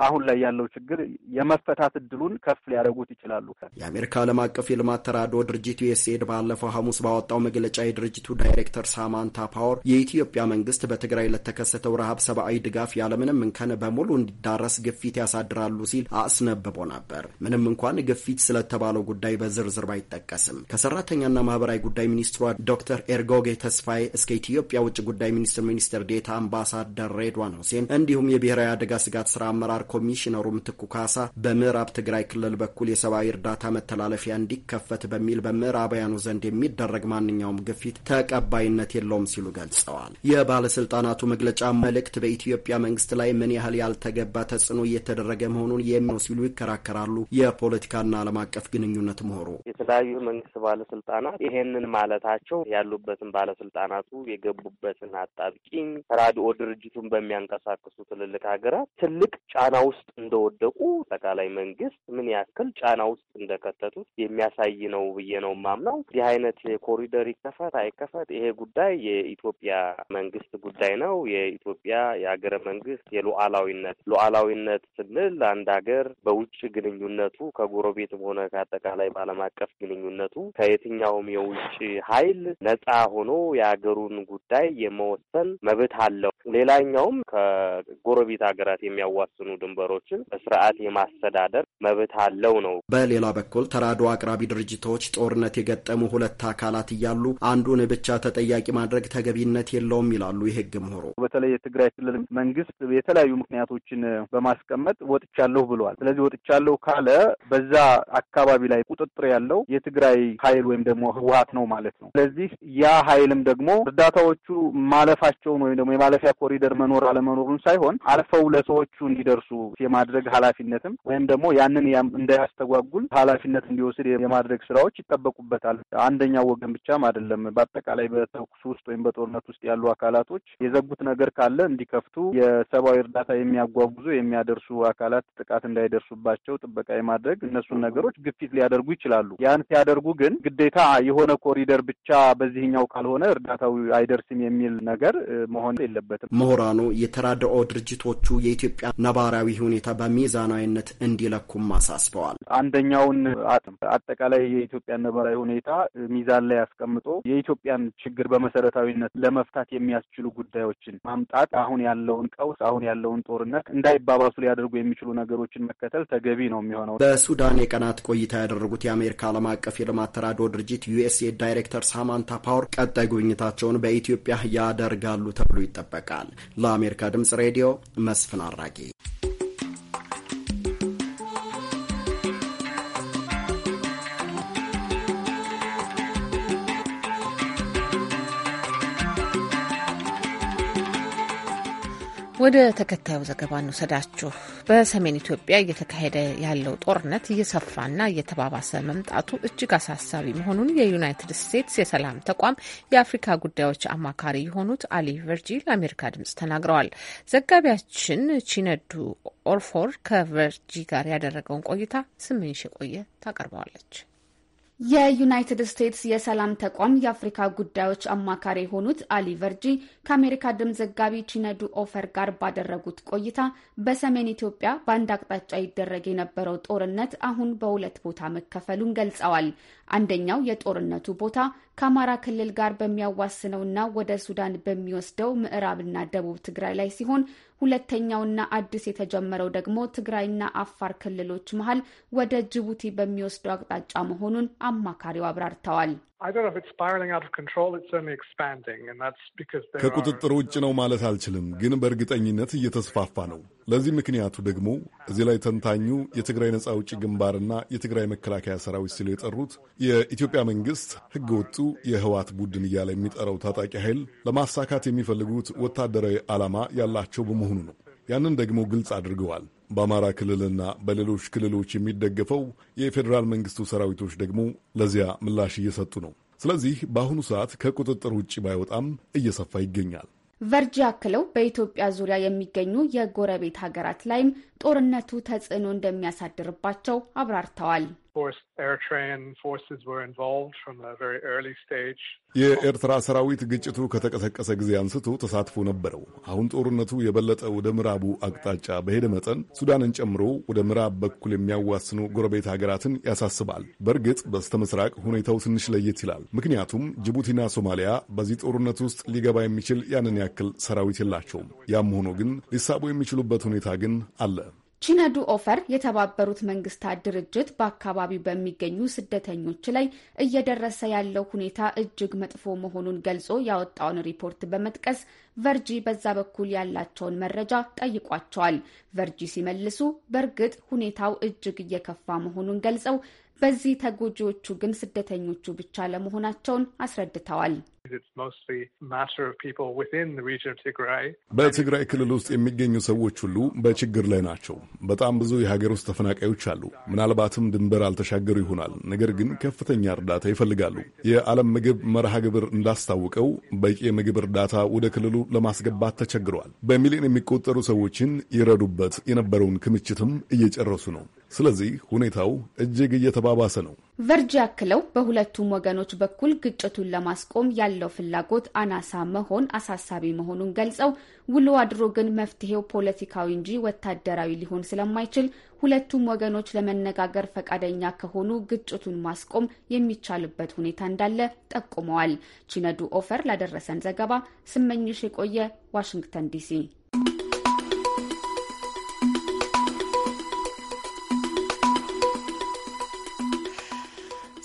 አሁን ላይ ያለው ችግር የመፈታት እድሉን ከፍ ሊያደርጉት ይችላሉ። የአሜሪካ ዓለም አቀፍ የልማት ተራድኦ ድርጅት ዩኤስኤድ ባለፈው ሐሙስ ባወጣው መግለጫ የድርጅቱ ዳይሬክተር ሳማንታ ፓወር የኢትዮጵያ መንግስት በትግራይ ለተከሰተው ረሃብ ሰብአዊ ድጋፍ ያለምንም እንከን በሙሉ እንዲዳረስ ግፊት ያሳድራሉ ሲል አስነብቦ ነበር። ምንም እንኳን ግፊት ስለተባለው ጉዳይ በዝርዝር ባይጠቀስም ከሰራተኛና ማህበራዊ ጉዳይ ሚኒስትሯ ዶክተር ኤርጎጌ ተስፋዬ እስከ ኢትዮጵያ ውጭ ጉዳይ ሚኒስትር ሚኒስትር ዴታ አምባሳደር ሬድዋን ሁሴን እንዲሁም የብሔራዊ አደጋ ስጋት ስራ አመራር ኮሚሽነሩ ምትኩ ካሳ በምዕራብ ትግራይ ክልል በኩል የሰብአዊ እርዳታ መተላለፊያ እንዲከፈት በሚል በምዕራባውያኑ ዘንድ የሚደረግ ማንኛውም ግፊት ተቀባይነት የለውም ሲሉ ገልጸዋል። በባለስልጣናቱ መግለጫ መልእክት በኢትዮጵያ መንግስት ላይ ምን ያህል ያልተገባ ተጽዕኖ እየተደረገ መሆኑን የሚነው ሲሉ ይከራከራሉ። የፖለቲካና ዓለም አቀፍ ግንኙነት ምሁሩ የተለያዩ መንግስት ባለስልጣናት ይሄንን ማለታቸው ያሉበትን ባለስልጣናቱ የገቡበትን አጣብቂኝ ተራድኦ ድርጅቱን በሚያንቀሳቅሱ ትልልቅ ሀገራት ትልቅ ጫና ውስጥ እንደወደቁ አጠቃላይ መንግስት ምን ያክል ጫና ውስጥ እንደከተቱት የሚያሳይ ነው ብዬ ነው ማምነው። እንዲህ አይነት የኮሪደር ይከፈት አይከፈት ይሄ ጉዳይ የኢትዮጵያ መንግስት መንግስት ጉዳይ ነው። የኢትዮጵያ የሀገረ መንግስት የሉዓላዊነት ሉዓላዊነት ስንል አንድ ሀገር በውጭ ግንኙነቱ ከጎረቤትም ሆነ ከአጠቃላይ በዓለም አቀፍ ግንኙነቱ ከየትኛውም የውጭ ኃይል ነጻ ሆኖ የሀገሩን ጉዳይ የመወሰን መብት አለው። ሌላኛውም ከጎረቤት ሀገራት የሚያዋስኑ ድንበሮችን በስርዓት የማስተዳደር መብት አለው ነው። በሌላ በኩል ተራድኦ አቅራቢ ድርጅቶች ጦርነት የገጠሙ ሁለት አካላት እያሉ አንዱን ብቻ ተጠያቂ ማድረግ ተገቢነት የለውም ይላል ይላሉ የህግ ምሁሩ። በተለይ የትግራይ ክልል መንግስት የተለያዩ ምክንያቶችን በማስቀመጥ ወጥቻለሁ ብለዋል። ስለዚህ ወጥቻለሁ ካለ በዛ አካባቢ ላይ ቁጥጥር ያለው የትግራይ ኃይል ወይም ደግሞ ህወሀት ነው ማለት ነው። ስለዚህ ያ ኃይልም ደግሞ እርዳታዎቹ ማለፋቸውን ወይም ደግሞ የማለፊያ ኮሪደር መኖር አለመኖሩን ሳይሆን አልፈው ለሰዎቹ እንዲደርሱ የማድረግ ኃላፊነትም ወይም ደግሞ ያንን እንዳያስተጓጉል ኃላፊነት እንዲወስድ የማድረግ ስራዎች ይጠበቁበታል። አንደኛው ወገን ብቻም አይደለም። በአጠቃላይ በተኩስ ውስጥ ወይም በጦርነት ውስጥ ያሉ አካላት አካላቶች የዘጉት ነገር ካለ እንዲከፍቱ፣ የሰብአዊ እርዳታ የሚያጓጉዙ የሚያደርሱ አካላት ጥቃት እንዳይደርሱባቸው ጥበቃ የማድረግ እነሱን ነገሮች ግፊት ሊያደርጉ ይችላሉ። ያን ሲያደርጉ ግን ግዴታ የሆነ ኮሪደር ብቻ በዚህኛው ካልሆነ እርዳታው አይደርስም የሚል ነገር መሆን የለበትም። ምሁራኑ የተራድኦ ድርጅቶቹ የኢትዮጵያ ነባራዊ ሁኔታ በሚዛናዊነት እንዲለኩም አሳስበዋል። አንደኛውን አጠቃላይ የኢትዮጵያ ነባራዊ ሁኔታ ሚዛን ላይ አስቀምጦ የኢትዮጵያን ችግር በመሰረታዊነት ለመፍታት የሚ የሚያስችሉ ጉዳዮችን ማምጣት አሁን ያለውን ቀውስ አሁን ያለውን ጦርነት እንዳይባባሱ ሊያደርጉ የሚችሉ ነገሮችን መከተል ተገቢ ነው የሚሆነው። በሱዳን የቀናት ቆይታ ያደረጉት የአሜሪካ ዓለም አቀፍ የልማት ተራድኦ ድርጅት ዩኤስኤድ ዳይሬክተር ሳማንታ ፓወር ቀጣይ ጉብኝታቸውን በኢትዮጵያ ያደርጋሉ ተብሎ ይጠበቃል። ለአሜሪካ ድምጽ ሬዲዮ መስፍን አራጌ ወደ ተከታዩ ዘገባ እንውሰዳችሁ። በሰሜን ኢትዮጵያ እየተካሄደ ያለው ጦርነት እየሰፋና እየተባባሰ መምጣቱ እጅግ አሳሳቢ መሆኑን የዩናይትድ ስቴትስ የሰላም ተቋም የአፍሪካ ጉዳዮች አማካሪ የሆኑት አሊ ቨርጂ ለአሜሪካ ድምጽ ተናግረዋል። ዘጋቢያችን ቺነዱ ኦርፎር ከቨርጂ ጋር ያደረገውን ቆይታ ስምንሽ የቆየ ታቀርበዋለች። የዩናይትድ ስቴትስ የሰላም ተቋም የአፍሪካ ጉዳዮች አማካሪ የሆኑት አሊ ቨርጂ ከአሜሪካ ድምፅ ዘጋቢ ቺነዱ ኦፈር ጋር ባደረጉት ቆይታ በሰሜን ኢትዮጵያ በአንድ አቅጣጫ ይደረግ የነበረው ጦርነት አሁን በሁለት ቦታ መከፈሉን ገልጸዋል። አንደኛው የጦርነቱ ቦታ ከአማራ ክልል ጋር በሚያዋስነውና ወደ ሱዳን በሚወስደው ምዕራብና ደቡብ ትግራይ ላይ ሲሆን ሁለተኛውና አዲስ የተጀመረው ደግሞ ትግራይና አፋር ክልሎች መሀል ወደ ጅቡቲ በሚወስደው አቅጣጫ መሆኑን አማካሪው አብራርተዋል። ከቁጥጥር ውጭ ነው ማለት አልችልም፣ ግን በእርግጠኝነት እየተስፋፋ ነው። ለዚህ ምክንያቱ ደግሞ እዚህ ላይ ተንታኙ የትግራይ ነጻ አውጪ ግንባርና የትግራይ መከላከያ ሰራዊት ሲሉ የጠሩት የኢትዮጵያ መንግስት ሕገ ወጡ የህዋት ቡድን እያለ የሚጠራው ታጣቂ ኃይል ለማሳካት የሚፈልጉት ወታደራዊ ዓላማ ያላቸው በመሆኑ ነው። ያንን ደግሞ ግልጽ አድርገዋል። በአማራ ክልልና በሌሎች ክልሎች የሚደገፈው የፌዴራል መንግስቱ ሰራዊቶች ደግሞ ለዚያ ምላሽ እየሰጡ ነው። ስለዚህ በአሁኑ ሰዓት ከቁጥጥር ውጭ ባይወጣም እየሰፋ ይገኛል። ቨርጂ አክለው በኢትዮጵያ ዙሪያ የሚገኙ የጎረቤት ሀገራት ላይም ጦርነቱ ተጽዕኖ እንደሚያሳድርባቸው አብራርተዋል። የኤርትራ ሰራዊት ግጭቱ ከተቀሰቀሰ ጊዜ አንስቶ ተሳትፎ ነበረው። አሁን ጦርነቱ የበለጠ ወደ ምዕራቡ አቅጣጫ በሄደ መጠን ሱዳንን ጨምሮ ወደ ምዕራብ በኩል የሚያዋስኑ ጎረቤት ሀገራትን ያሳስባል። በእርግጥ በስተምስራቅ ሁኔታው ትንሽ ለየት ይላል። ምክንያቱም ጅቡቲና ሶማሊያ በዚህ ጦርነት ውስጥ ሊገባ የሚችል ያንን ያክል ሰራዊት የላቸውም። ያም ሆኖ ግን ሊሳቡ የሚችሉበት ሁኔታ ግን አለ። ቺነዱ ኦፈር የተባበሩት መንግስታት ድርጅት በአካባቢው በሚገኙ ስደተኞች ላይ እየደረሰ ያለው ሁኔታ እጅግ መጥፎ መሆኑን ገልጾ ያወጣውን ሪፖርት በመጥቀስ ቨርጂ በዛ በኩል ያላቸውን መረጃ ጠይቋቸዋል። ቨርጂ ሲመልሱ በእርግጥ ሁኔታው እጅግ እየከፋ መሆኑን ገልጸው በዚህ ተጎጂዎቹ ግን ስደተኞቹ ብቻ ለመሆናቸውን አስረድተዋል። በትግራይ ክልል ውስጥ የሚገኙ ሰዎች ሁሉ በችግር ላይ ናቸው። በጣም ብዙ የሀገር ውስጥ ተፈናቃዮች አሉ። ምናልባትም ድንበር አልተሻገሩ ይሆናል። ነገር ግን ከፍተኛ እርዳታ ይፈልጋሉ። የዓለም ምግብ መርሃ ግብር እንዳስታውቀው በቂ የምግብ እርዳታ ወደ ክልሉ ለማስገባት ተቸግረዋል። በሚሊዮን የሚቆጠሩ ሰዎችን ይረዱበት የነበረውን ክምችትም እየጨረሱ ነው። ስለዚህ ሁኔታው እጅግ እየተባባሰ ነው። ቨርጅ ያክለው በሁለቱም ወገኖች በኩል ግጭቱን ለማስቆም ያለው ፍላጎት አናሳ መሆን አሳሳቢ መሆኑን ገልጸው ውሎ አድሮ ግን መፍትሄው ፖለቲካዊ እንጂ ወታደራዊ ሊሆን ስለማይችል ሁለቱም ወገኖች ለመነጋገር ፈቃደኛ ከሆኑ ግጭቱን ማስቆም የሚቻልበት ሁኔታ እንዳለ ጠቁመዋል። ቺነዱ ኦፈር ላደረሰን ዘገባ ስመኝሽ የቆየ ዋሽንግተን ዲሲ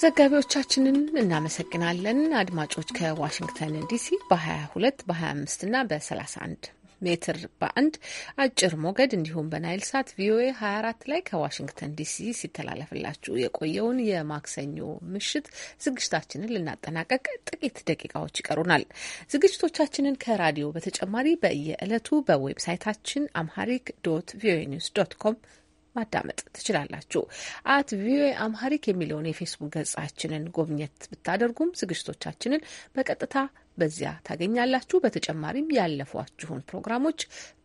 ዘጋቢዎቻችንን እናመሰግናለን። አድማጮች ከዋሽንግተን ዲሲ በ22 በ25 እና በ31 ሜትር በአንድ አጭር ሞገድ እንዲሁም በናይል ሳት ቪኦኤ 24 ላይ ከዋሽንግተን ዲሲ ሲተላለፍላችሁ የቆየውን የማክሰኞ ምሽት ዝግጅታችንን ልናጠናቀቅ ጥቂት ደቂቃዎች ይቀሩናል። ዝግጅቶቻችንን ከራዲዮ በተጨማሪ በየዕለቱ በዌብሳይታችን አምሃሪክ ዶት ቪኦኤ ኒውስ ዶት ኮም ማዳመጥ ትችላላችሁ። አት ቪኦኤ አምሃሪክ የሚለውን የፌስቡክ ገጻችንን ጎብኘት ብታደርጉም ዝግጅቶቻችንን በቀጥታ በዚያ ታገኛላችሁ። በተጨማሪም ያለፏችሁን ፕሮግራሞች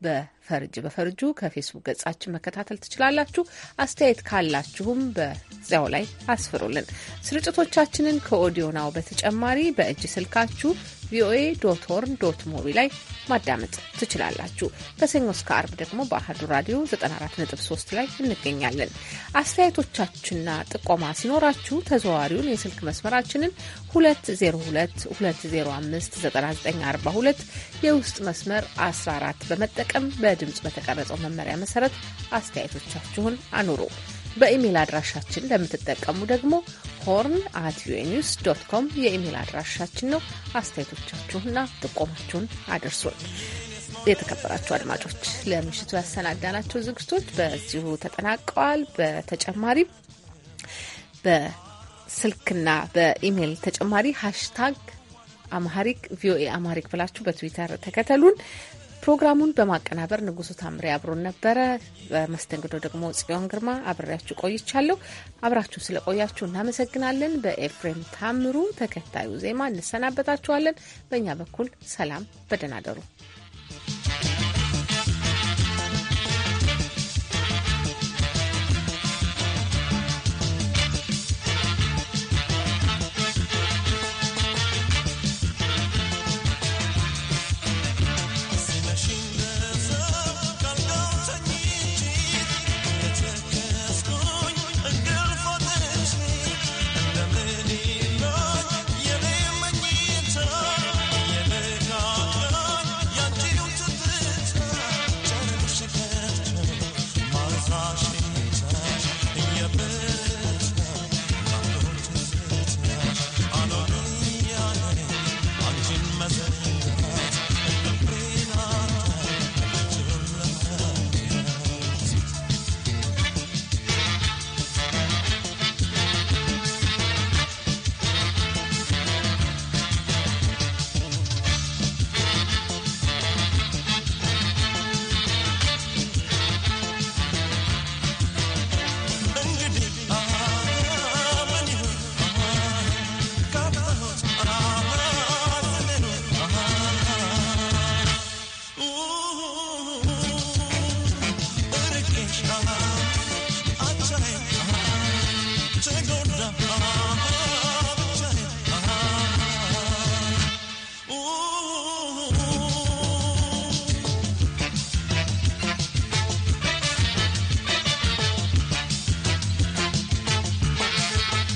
በፈርጅ በፈርጁ ከፌስቡክ ገጻችን መከታተል ትችላላችሁ። አስተያየት ካላችሁም በዚያው ላይ አስፍሩልን። ስርጭቶቻችንን ከኦዲዮ ናው በተጨማሪ በእጅ ስልካችሁ ቪኦኤ ዶት ሆርን ዶት ሞቢ ላይ ማዳመጥ ትችላላችሁ። ከሰኞ እስከ አርብ ደግሞ በአህዱ ራዲዮ 94.3 ላይ እንገኛለን። አስተያየቶቻችንና ጥቆማ ሲኖራችሁ ተዘዋዋሪውን የስልክ መስመራችንን 2022059942 የውስጥ መስመር 14 በመጠቀም በድምፅ በተቀረጸው መመሪያ መሰረት አስተያየቶቻችሁን አኑሩ። በኢሜይል አድራሻችን ለምትጠቀሙ ደግሞ ሆርን አት ቪኦኤ ኒውስ ዶት ኮም የኢሜል አድራሻችን ነው። አስተያየቶቻችሁና ጥቆማችሁን አድርሱን። የተከበራችሁ አድማጮች ለምሽቱ ያሰናዳናቸው ዝግጅቶች በዚሁ ተጠናቀዋል። በተጨማሪም በስልክና በኢሜይል ተጨማሪ ሀሽታግ አማሪክ ቪኦኤ አማሪክ ብላችሁ በትዊተር ተከተሉን። ፕሮግራሙን በማቀናበር ንጉሱ ታምሬ አብሮን ነበረ። በመስተንግዶ ደግሞ ጽዮን ግርማ አብሬያችሁ ቆይቻለሁ። አብራችሁ ስለቆያችሁ እናመሰግናለን። በኤፍሬም ታምሩ ተከታዩ ዜማ እንሰናበታችኋለን። በእኛ በኩል ሰላም፣ በደህና ደሩ።